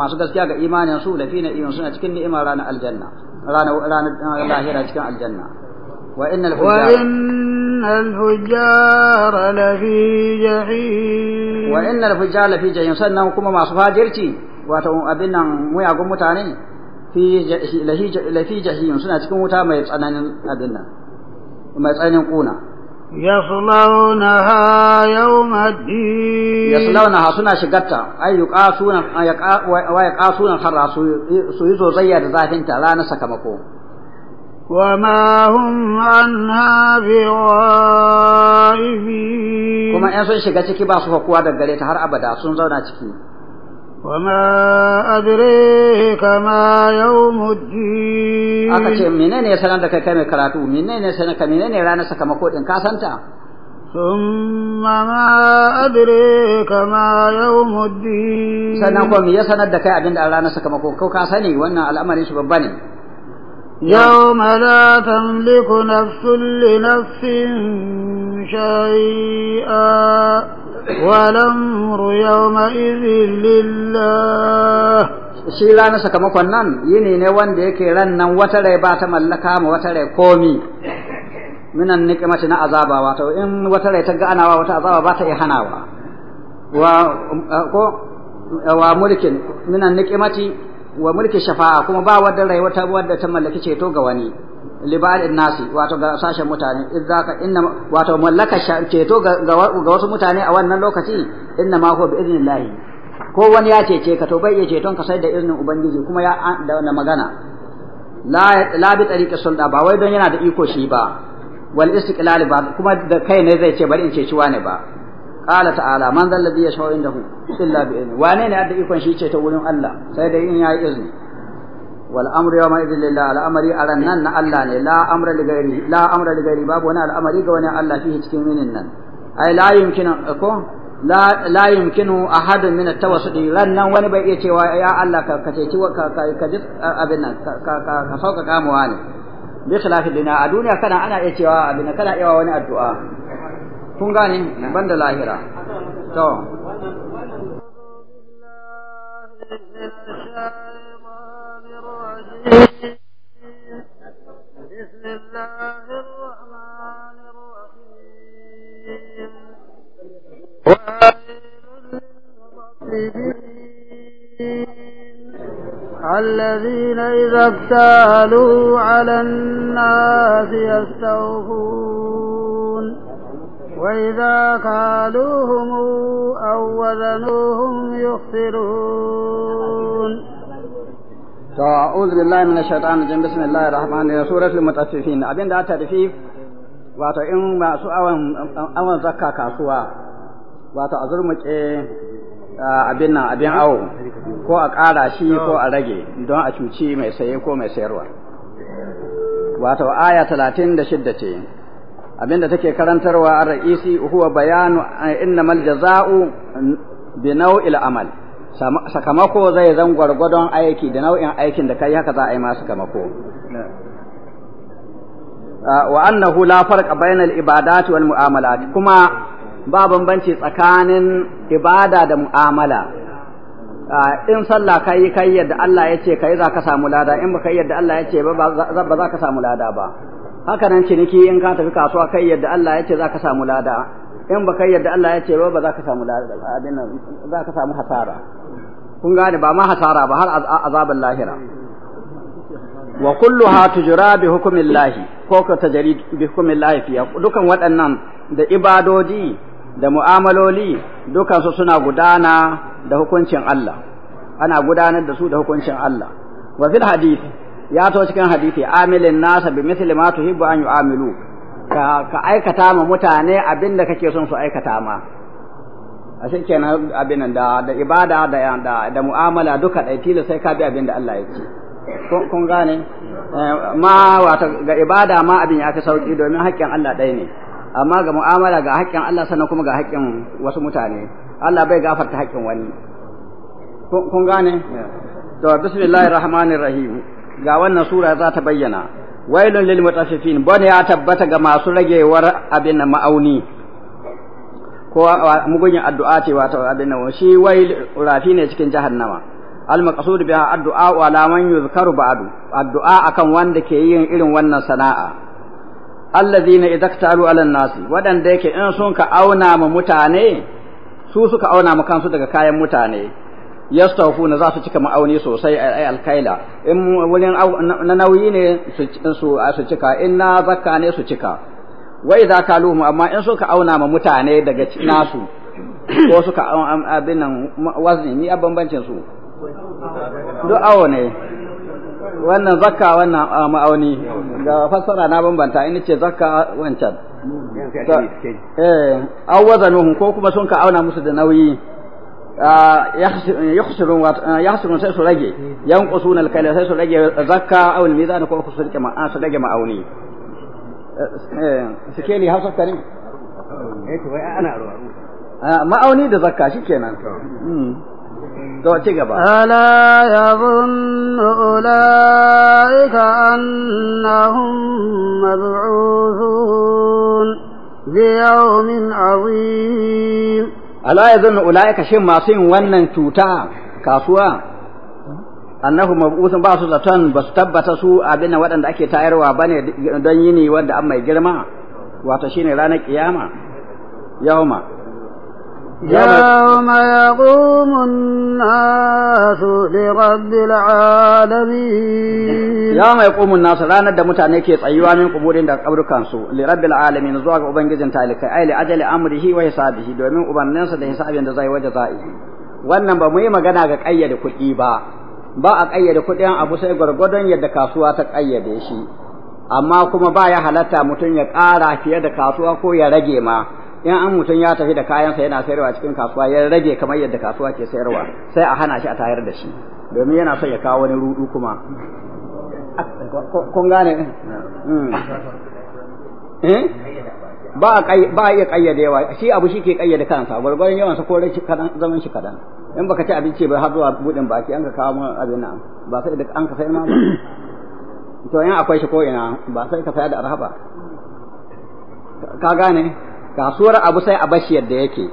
masu gaskiya ga imanin su da fi na suna cikin ni'imar ranar aljanna ranar lahira cikin aljanna وإن الفجار وإن الفجار لفي جحيم وإن الفجار لفي جحيم sannan kuma masu fadirci wato abin nan muyagun mutane fi lafi suna cikin wuta mai tsananin abin nan mai tsananin kuna yaslaunaha yawma din yaslaunaha suna shigarta ay yuqasuna wa yuqasuna harra su yi zozayya da zafinta ranar sakamako وما هم عنها بغائبين kuma ƴan sun shiga ciki ba su fakuwa daga gare ta har abada sun zauna ciki وما أدريك ما يوم الدين aka ce menene ya sanar da kai kai mai karatu menene sanar ka menene ranar sakamako din ka santa ثم ما أدريك ما يوم الدين sannan kuma me ya sanar da kai abinda ranar sakamako ko ka sani wannan al'amarin shi babba ne يوم لا تملك نفس لنفس شيئا والأمر يومئذ لله shi ranar sakamakon nan yini ne wanda yake ran nan wata rai ba ta mallaka ma wata rai komi minan niqimati na azaba wato in wata rai ta ga anawa wata azaba ba ta iya hanawa wa ko wa mulkin minan niqimati wa mulki shafa'a kuma ba wadda rai wata wadda ta mallaki ceto ga wani libalin nasi wato ga sashen mutane idza ka inna wato mallaka ceto ga wasu mutane a wannan lokaci inna ma huwa bi idnillahi ko wani ya cece ka to bai iya ceton ka sai da iznin ubangiji kuma ya da wannan magana la la bi tariqi sulda ba wai don yana da iko shi ba wal istiqlal ba kuma da kai ne zai ce bari in ceci wani ba qala ta'ala man zal ladhi yashfa'u indahu illa bi idni wane ne da ikon shi ce ta wurin Allah sai da in yayi izini wal amru yawma idhin lillah al amri aran nan na Allah ne la amra li ghairi la amra li ghairi babu wani al'amari ga wani Allah fihi cikin minin nan ai la yumkinu ko la la yumkinu ahadun min at-tawassudi ran nan wani bai iya cewa ya Allah ka ka ceci ka ka ji abin nan ka ka sauka kamuwa ne bi khilafi dina a duniya kana ana iya cewa abin kana iya wani addu'a kun gane ban da lahira to بسم الله الرحمن الرحيم الذين إذا اكتالوا على الناس يستوفون وإذا كالوهم أو وزنوهم يخسرون to a'udhu billahi minash shaitanir rajim bismillahir rahmanir rahim suratul mutaffifin abinda ta tafi wato in masu awan awan kasuwa wato a zurmuke abin nan abin awo ko a ƙara shi ko a rage don a cuci mai saye ko mai sayarwa wato aya 36 ce abinda take karantarwa a ra'isi huwa bayanu eh, innamal jaza'u bi naw'il amal sakamako zai zan gwargwadon aiki da nau'in aikin da kai haka za a yi masu sakamako ah, wa annahu la farqa bainal ibadati wal mu'amalat kuma ba bambanci tsakanin ibada da mu'amala ah, in sallah ka yi kai yadda Allah ya ce ka yi za ka samu lada in ba ka yi yadda Allah ya ce ba za ka samu lada ba haka nan ciniki in ka tafi kasuwa kai yadda Allah ya ce za ka samu lada in ba kai yadda Allah ya ce ba za ka samu lada abin nan za ka samu hasara kun gane ba ma hasara ba har azabin lahira wa kulluha tujra bi hukmillahi ko ka tajri bi hukmillahi fiya dukan waɗannan da ibadoji da mu'amaloli dukan su suna gudana da hukuncin Allah ana gudanar da su da hukuncin Allah wa fil hadith ya to cikin hadisi amilin nasa bi misli ma tuhibbu an yu'amilu ka ka aikata ma mutane abinda kake son su aikata ma a shi kenan abin da da ibada da da, da mu'amala duka dai tilo sai ka bi abinda Allah ya ce kun gane eh, ma wata ga ibada ma abin ya fi sauki domin haƙƙin Allah ɗaya ne amma ga mu'amala ga haƙƙin Allah sannan kuma ga haƙƙin wasu mutane Allah bai gafarta haƙƙin wani kun gane to bismillahir rahmanir rahim ga wannan sura za ta bayyana wailun lil mutaffifin bane ya tabbata ga masu ragewar abin ma'auni ko mugunyin addu'a ce wato abin nan shi wail rafi ne cikin jahannama al maqsud bi addu'a wa la man yuzkaru ba'du addu'a akan wanda ke yin irin wannan sana'a idza idaktalu ala nasi wadanda yake in sun ka auna ma mutane su suka auna ma kansu daga kayan mutane yastawfu na za su cika ma'auni sosai ai alkaila in wurin na nauyi ne su su cika in na zakka ne su cika wa idza kaluhum amma in suka auna ma mutane daga nasu ko suka abin nan wazni ni a bambancin su duk awo ne wannan zakka wannan ma'auni ga fassara na bambanta in ce zakka wancan eh awwazanuhum ko kuma sun ka auna musu da nauyi yakhsurun yakhsurun sai su rage yanqusuna al-kayla sai su rage zakka aw al-mizan ko su rage ma'a su rage ma'auni sikeli hausa karim eh to wai ana ma'auni da zakka shikenan to ci gaba ala yadhunnu ulaika annahum mab'uthun bi yawmin 'azim ala yazunnu ulaika shin masu yin wannan cuta kasuwa annahu mabusun ba su zaton ba su tabbata su abin da waɗanda ake tayarwa bane don yini wanda an mai girma wato shine ranar kiyama yauma يوم يقوم الناس لرب العالمين da mutane ke tsayuwa min kuburin da kabrukan su li alamin zuwa ga ubangijin talikai ai li ajali amrihi wa hisabihi domin ubanninsa da hisabin da zai waje zai wannan ba mu yi magana ga kayyade kuɗi ba ba a kayyade kuɗin abu sai gwargwadon yadda kasuwa ta kayyade shi amma kuma ba ya halatta mutum ya ƙara fiye da kasuwa ko ya rage ma in an mutum ya tafi da kayansa yana sayarwa cikin kasuwa ya rage kamar yadda kasuwa ke sayarwa sai a hana shi a tayar da shi domin yana son ya kawo wani rudu kuma kun gane hmm. eh? ba a iya wa shi abu shi ke kayyade kansa gwargwaron yawansa ko rashi kadan zaman shi kadan in baka ci abinci ba har zuwa budin baki an ka kawo mun abin nan ba sai da an ka sayar ma ba to in akwai shi ko ina ba sai ka sayar da arhaba ka gane kasuwar abu sai a bashi yadda yake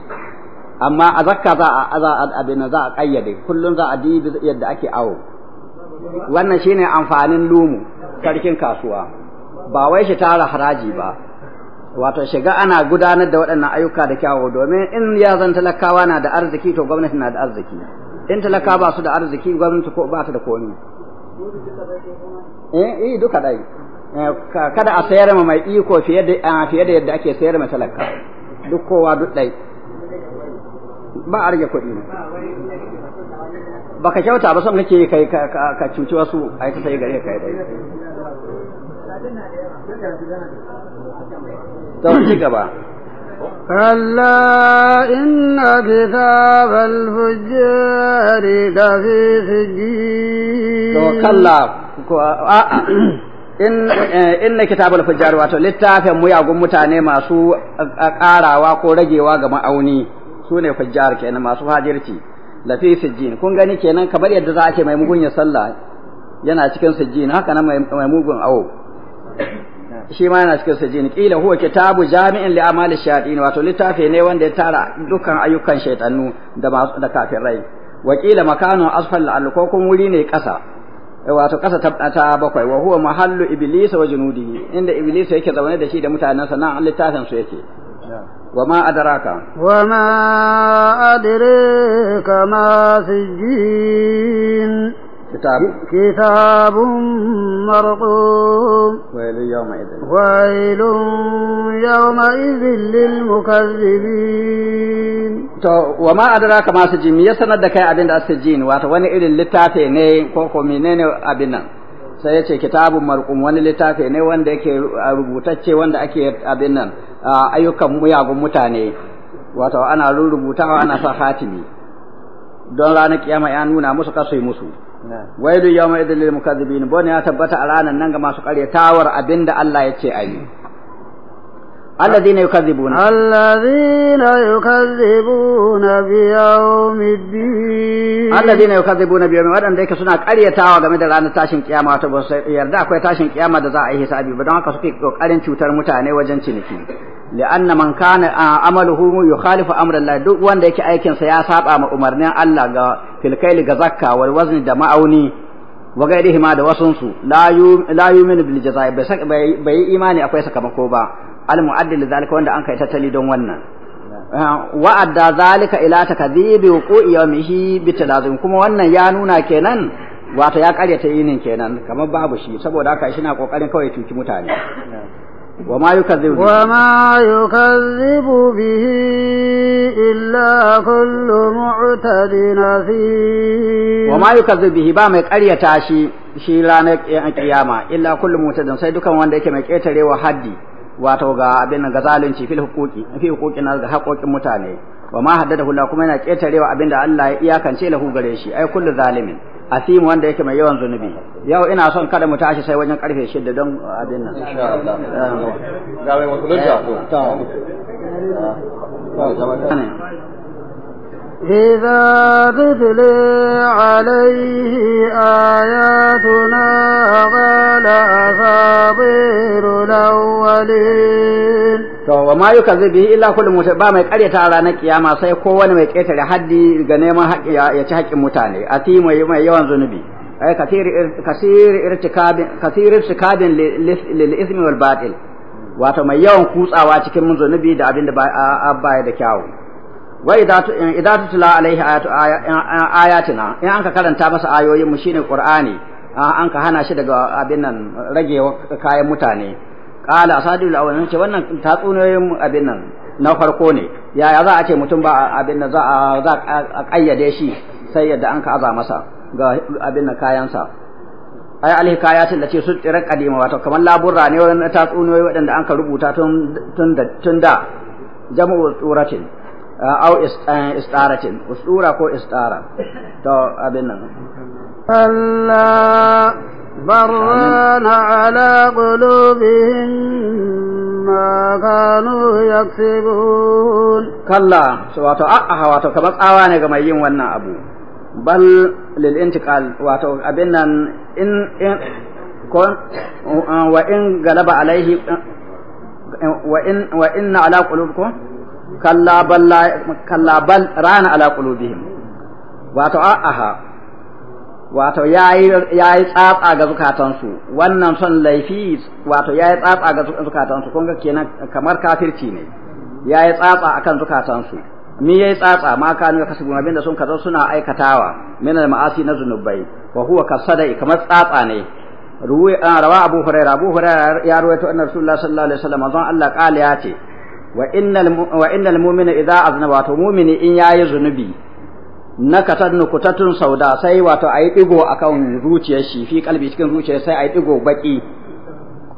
amma a zakka za a za a abin za a kayyade kullun za a dibi yadda ake awo wannan shine amfanin lumu sarkin kasuwa ba wai shi tara haraji ba wato shiga ana gudanar da waɗannan ayyuka da kyawu domin in ya zan talakawa na da arziki to gwamnati na da arziki in talaka ba su da arziki gwamnati ko ba su da komi eh, eh duka dai Eh, kada a sayar ma mai iko fiye da fiye da yadda ake sayar ma talaka duk kowa duk dai ba a rage kuɗi ba ka kyauta ba son kake kai ka cuci wasu a yi ta sai gare ka dai to ci gaba كلا إن كتاب الفجار لفي سجين كلا Eh, inna al fujjar wato littafin muyagun mutane masu karawa eh, ko ragewa ga ma'auni sune fujjar kenan masu hajirci lafi sijjin kun gani kenan kamar yadda za a ce mai mugun ya sallah yana cikin sijjin haka nan mai mugun awo shi ma yana cikin sijjin kila huwa kitabu jami'in li amali shayatin wato littafi ne wanda ya tara dukkan ayyukan shaytanu da da kafirai wa kila makanu asfal al ko wuri ne kasa wato kasa ta bakwai wa huwa mahallu iblis wa junudihi inda iblis yake zaune da shi da mutanensa nan Allah ta san su yake wa ma adraka wa ma adraka ma sijin كتاب كتاب مرقوم ويل يومئذ ويل يومئذ للمكذبين to wa ma adraka ma sijin ya sanar da kai abin da asijin wato wani irin littafi ne ko abin nan sai ya ce kitabun marqum wani littafi ne wanda yake rubutacce wanda ake abin nan ayyukan muyagun mutane wato ana rubutawa ana sa hatimi don ranar kiyama ya nuna musu kasu musu wailu yawma idin lil mukadzibin bone ya tabbata a ranar nan ga masu karyatawar abinda Allah ya ce ayi الذين yukadzibuna الذين yukadzibuna bi yawmiddin الذين yukadzibuna bi yawmiddin wadanda yake suna tawa game da ranar tashin kiyama wato ba yarda akwai tashin kiyama da za a yi hisabi ba don haka suke kokarin cutar mutane wajen ciniki li'anna man kana amaluhu yukhalifu amra Allah duk wanda yake aikin sa ya saba ma umarnin Allah ga filkaili ga zakka wal wazn da ma'auni wa gairihi ma da wasun su la yu'minu bil jazaa bai yi imani akwai sakamako ba al mu'addil zalika wanda an kai tattali don wannan wa'adda zalika ila takdhibi wuqu'i yawmihi bi talazim kuma wannan ya nuna kenan wata ya karya karyata yinin kenan kamar babu shi saboda haka shi na kokarin kawai cuci mutane وما يكذب به وما يكذب به إلا كل معتد أثيم وما يكذب به با mai ƙaryata shi ranar kiyama illa kullu mutadin sai dukan wanda yake mai ƙetarewa haddi wato ga abin ga zalunci fil huquqi fi huquqin ga haƙoƙin mutane wa ma haddada hula kuma yana ƙetarewa abin da Allah ya iyakance lahu gare shi ai kullu zalimin asimu wanda yake mai yawan zunubi yau ina son kada mu tashi sai wajen karfe shida don abin nan ga wasu إذا تتلي عليه آياتنا قال أساطير الأولين to wa ma yuka zubi illa kullu mutai ba mai karyata ranar kiyama sai kowane mai ketare haddi ga neman haƙƙi ya ci haƙƙin mutane ati mai mai yawan zunubi ay eh, kathir kathir irtikabin batil wato mai yawan kutsawa cikin zunubi da abinda da ba da kyawu wa idza tutla alaihi ayatina in an ka karanta masa ayoyin mu shine qur'ani an ka hana shi daga abin nan rage kayan mutane qala asadul awwalin ce wannan tsunoyin abin nan na farko ne yaya za a ce mutum ba abin nan za a kayyade shi sai yadda an ka aza masa ga abin nan kayansa ai kayatin da ce su tsira kadima wato kamar laburra ne wannan tatsuniyoyi waɗanda an ka rubuta tun da jam'u turatin. aw istaratin usura ko istara to abin nan Allah barana ala qulubihim ma kanu yaksibun kalla wato a'a wato kamar tsawa ne ga mai yin wannan abu bal lil intiqal wato abin nan in in ko in kalla bal rana ala qulubihim wato a'aha wato yayi yayi tsatsa ga zukatansu wannan son laifi wato yayi tsatsa ga zukatansu kun ga kenan kamar kafirci ne yayi tsatsa akan zukatansu ni yayi tsatsa ma kanu kasubun abinda sun kaza suna aikatawa min ma'asi na zunubai wa huwa kasada kamar tsatsa ne ruwa ah, rawa abu hurairah abu hurairah ya ruwaito annabi sallallahu alaihi wasallam azan Allah qala ya ce wa innal mu'mina idza aznaba wato mu'mini in yayi zunubi na katan kutatun sauda sai wato ayi digo akan zuciyar shi fi kalbi cikin zuciyar sai ayi digo baki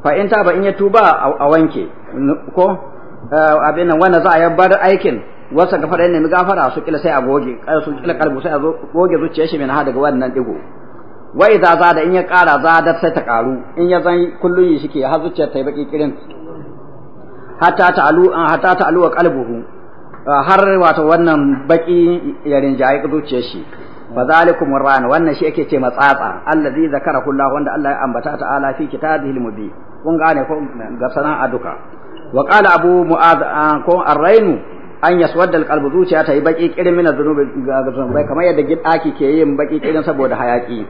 fa in ta ba in ya tuba a wanke ko eh, abin nan wanda za a bar aikin wasa gafara ne mi gafara su kila sai a goge eh, su kila kalbu sai a goge zuciyar shi min ha daga wannan digo wa idza zada in ya kara zada sai ta karu in ya zan kullun yi ke har zuciyar ta yi baki kirin hata ta'alu hatta ah, har wato wannan baki ya rinjaye zuciyar shi fa zalikum ran wannan shi yake ce matsatsa allazi zakara Allah wanda Allah ya ambata ta fi kitabihi mubin kun gane ko ga sana'a duka wa qala abu mu'adh ah, ko arrainu an wadda alqalbu zuciya ta yi baƙi ƙirin mina adzunubi ga zunubai kamar yadda gidaki ke yin baƙi ƙirin saboda hayaƙi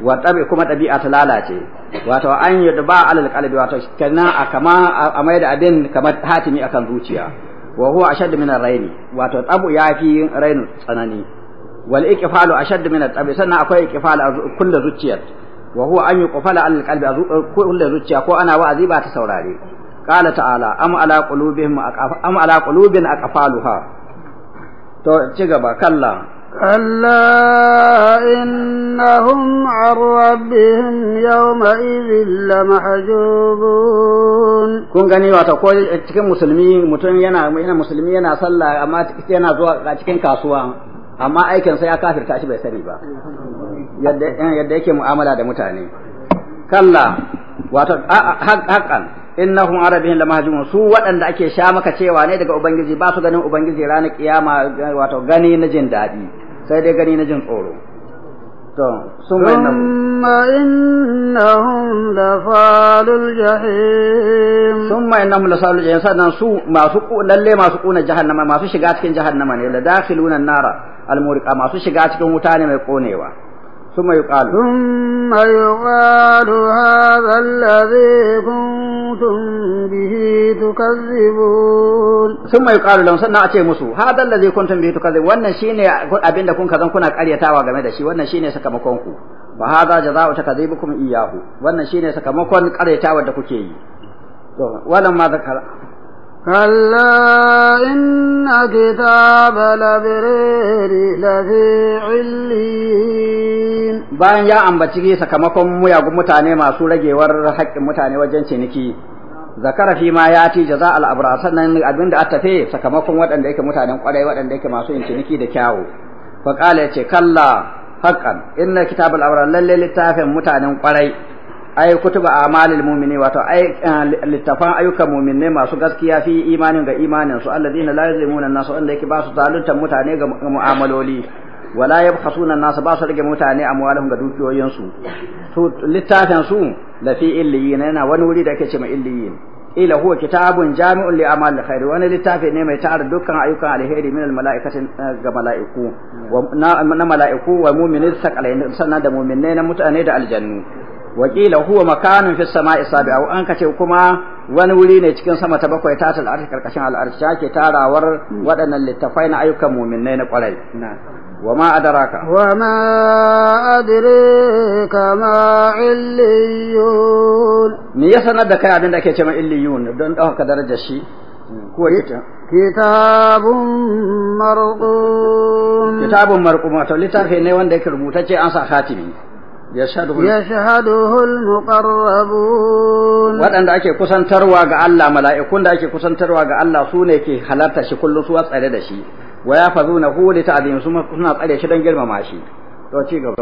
wa tabi kuma ɗabi'a ta lalace wato an yudba alal qalbi wato kana a kama a mai da abin kamar hatimi akan zuciya wa huwa ashaddu min ar-raini wato tabu yafi rainu tsanani wal iqfalu ashaddu min at-tabi sannan akwai iqfal kullu zuciyat wa huwa an yuqfala alal qalbi kullu zuciya ko ana wa'azi ba ta saurare قال تعالى am على قلوبهم am ala على aqfaluha to تو gaba كلا كلا إنهم عن ربهم يومئذ لمحجوبون kun gani wato ko cikin musulmi mutum yana yana musulmi yana sallah amma yana zuwa cikin kasuwa amma aikin ya kafirta shi bai sani ba yadda yadda yake mu'amala da mutane kalla innahum la lamahjum su waɗanda ake sha maka cewa ne daga ubangiji ba su ganin ubangiji ranar kiyama wato gani na jin daɗi sai dai gani na jin tsoro to sun mai innahum falul jahim sun mai innahum lafalul jahim sannan su masu lalle masu kuna jahannama masu shiga cikin jahannama ne la dakhiluna nara al-muriqa masu shiga cikin wuta ne mai konewa ثم يقال ثم يقال هذا الذي كنتم به تكذبون ثم يقال لهم سنة أتي مسو هذا الذي كنتم به تكذبون وانا شيني أبين لكم كذن كنا قرية تاوى غمدا شي وانا شيني سكمكونكو وهذا جزاء تكذبكم إياه وانا شيني سكمكون قرية تاوى دكوكي ولما ذكر كلا إن كتاب لبرير لفي عليين bayan ya ambaci sakamakon muyagun mutane masu ragewar haƙƙin mutane wajen ciniki zakara fi ma ya za jaza al abra sannan abinda a tafe sakamakon waɗanda yake mutanen ƙwarai waɗanda yake masu yin ciniki da kyawu fa qala ce kalla haqqan inna kitabul abra lalle littafin mutanen ƙwarai ai kutuba amalil mu'mini wato eh, littafan ayyukan mu'minai masu gaskiya fi imanin ga imanin su alladina la yuzlimuna an-nas wanda yake ba su zalunta mutane ga mu'amaloli wala yabhasuna an-nas ba su rage mutane a amwalahum ga dukiyoyin su to littafin su la fi yana wani wuri da ake cewa illiyin ila huwa kitabun jami'un li amal khair wani littafi ne mai tara dukkan ayyukan alheri min al-mala'ikati eh, ga mala'iku na mala'iku wa mu'minin sakalain sannan da mu'minai na mutane da aljannu wakila huwa makanun fi sama'i sabi'a an kace kuma wani wuri ne cikin sama ta bakwai ta al'arshi karkashin al'arshi ke tarawar waɗannan littafai na ayyukan muminai na ƙwarai. وما أدراك وما أدريك ما عليون من يسنى الدكاء عندنا كي تسمى عليون دون أهو كدرجة شيء كتاب مرقوم كتاب مرقوم وتوليتار في نيوان ديك ربوتة أنسى خاتمي يشهده يشهده المقربون waɗanda ake kusantarwa ga Allah mala'ikun da ake kusantarwa ga Allah su ne كل halarta shi kullum wa yafazuna hu ta ta'zim suna tsare shi don girmama shi to ci gaba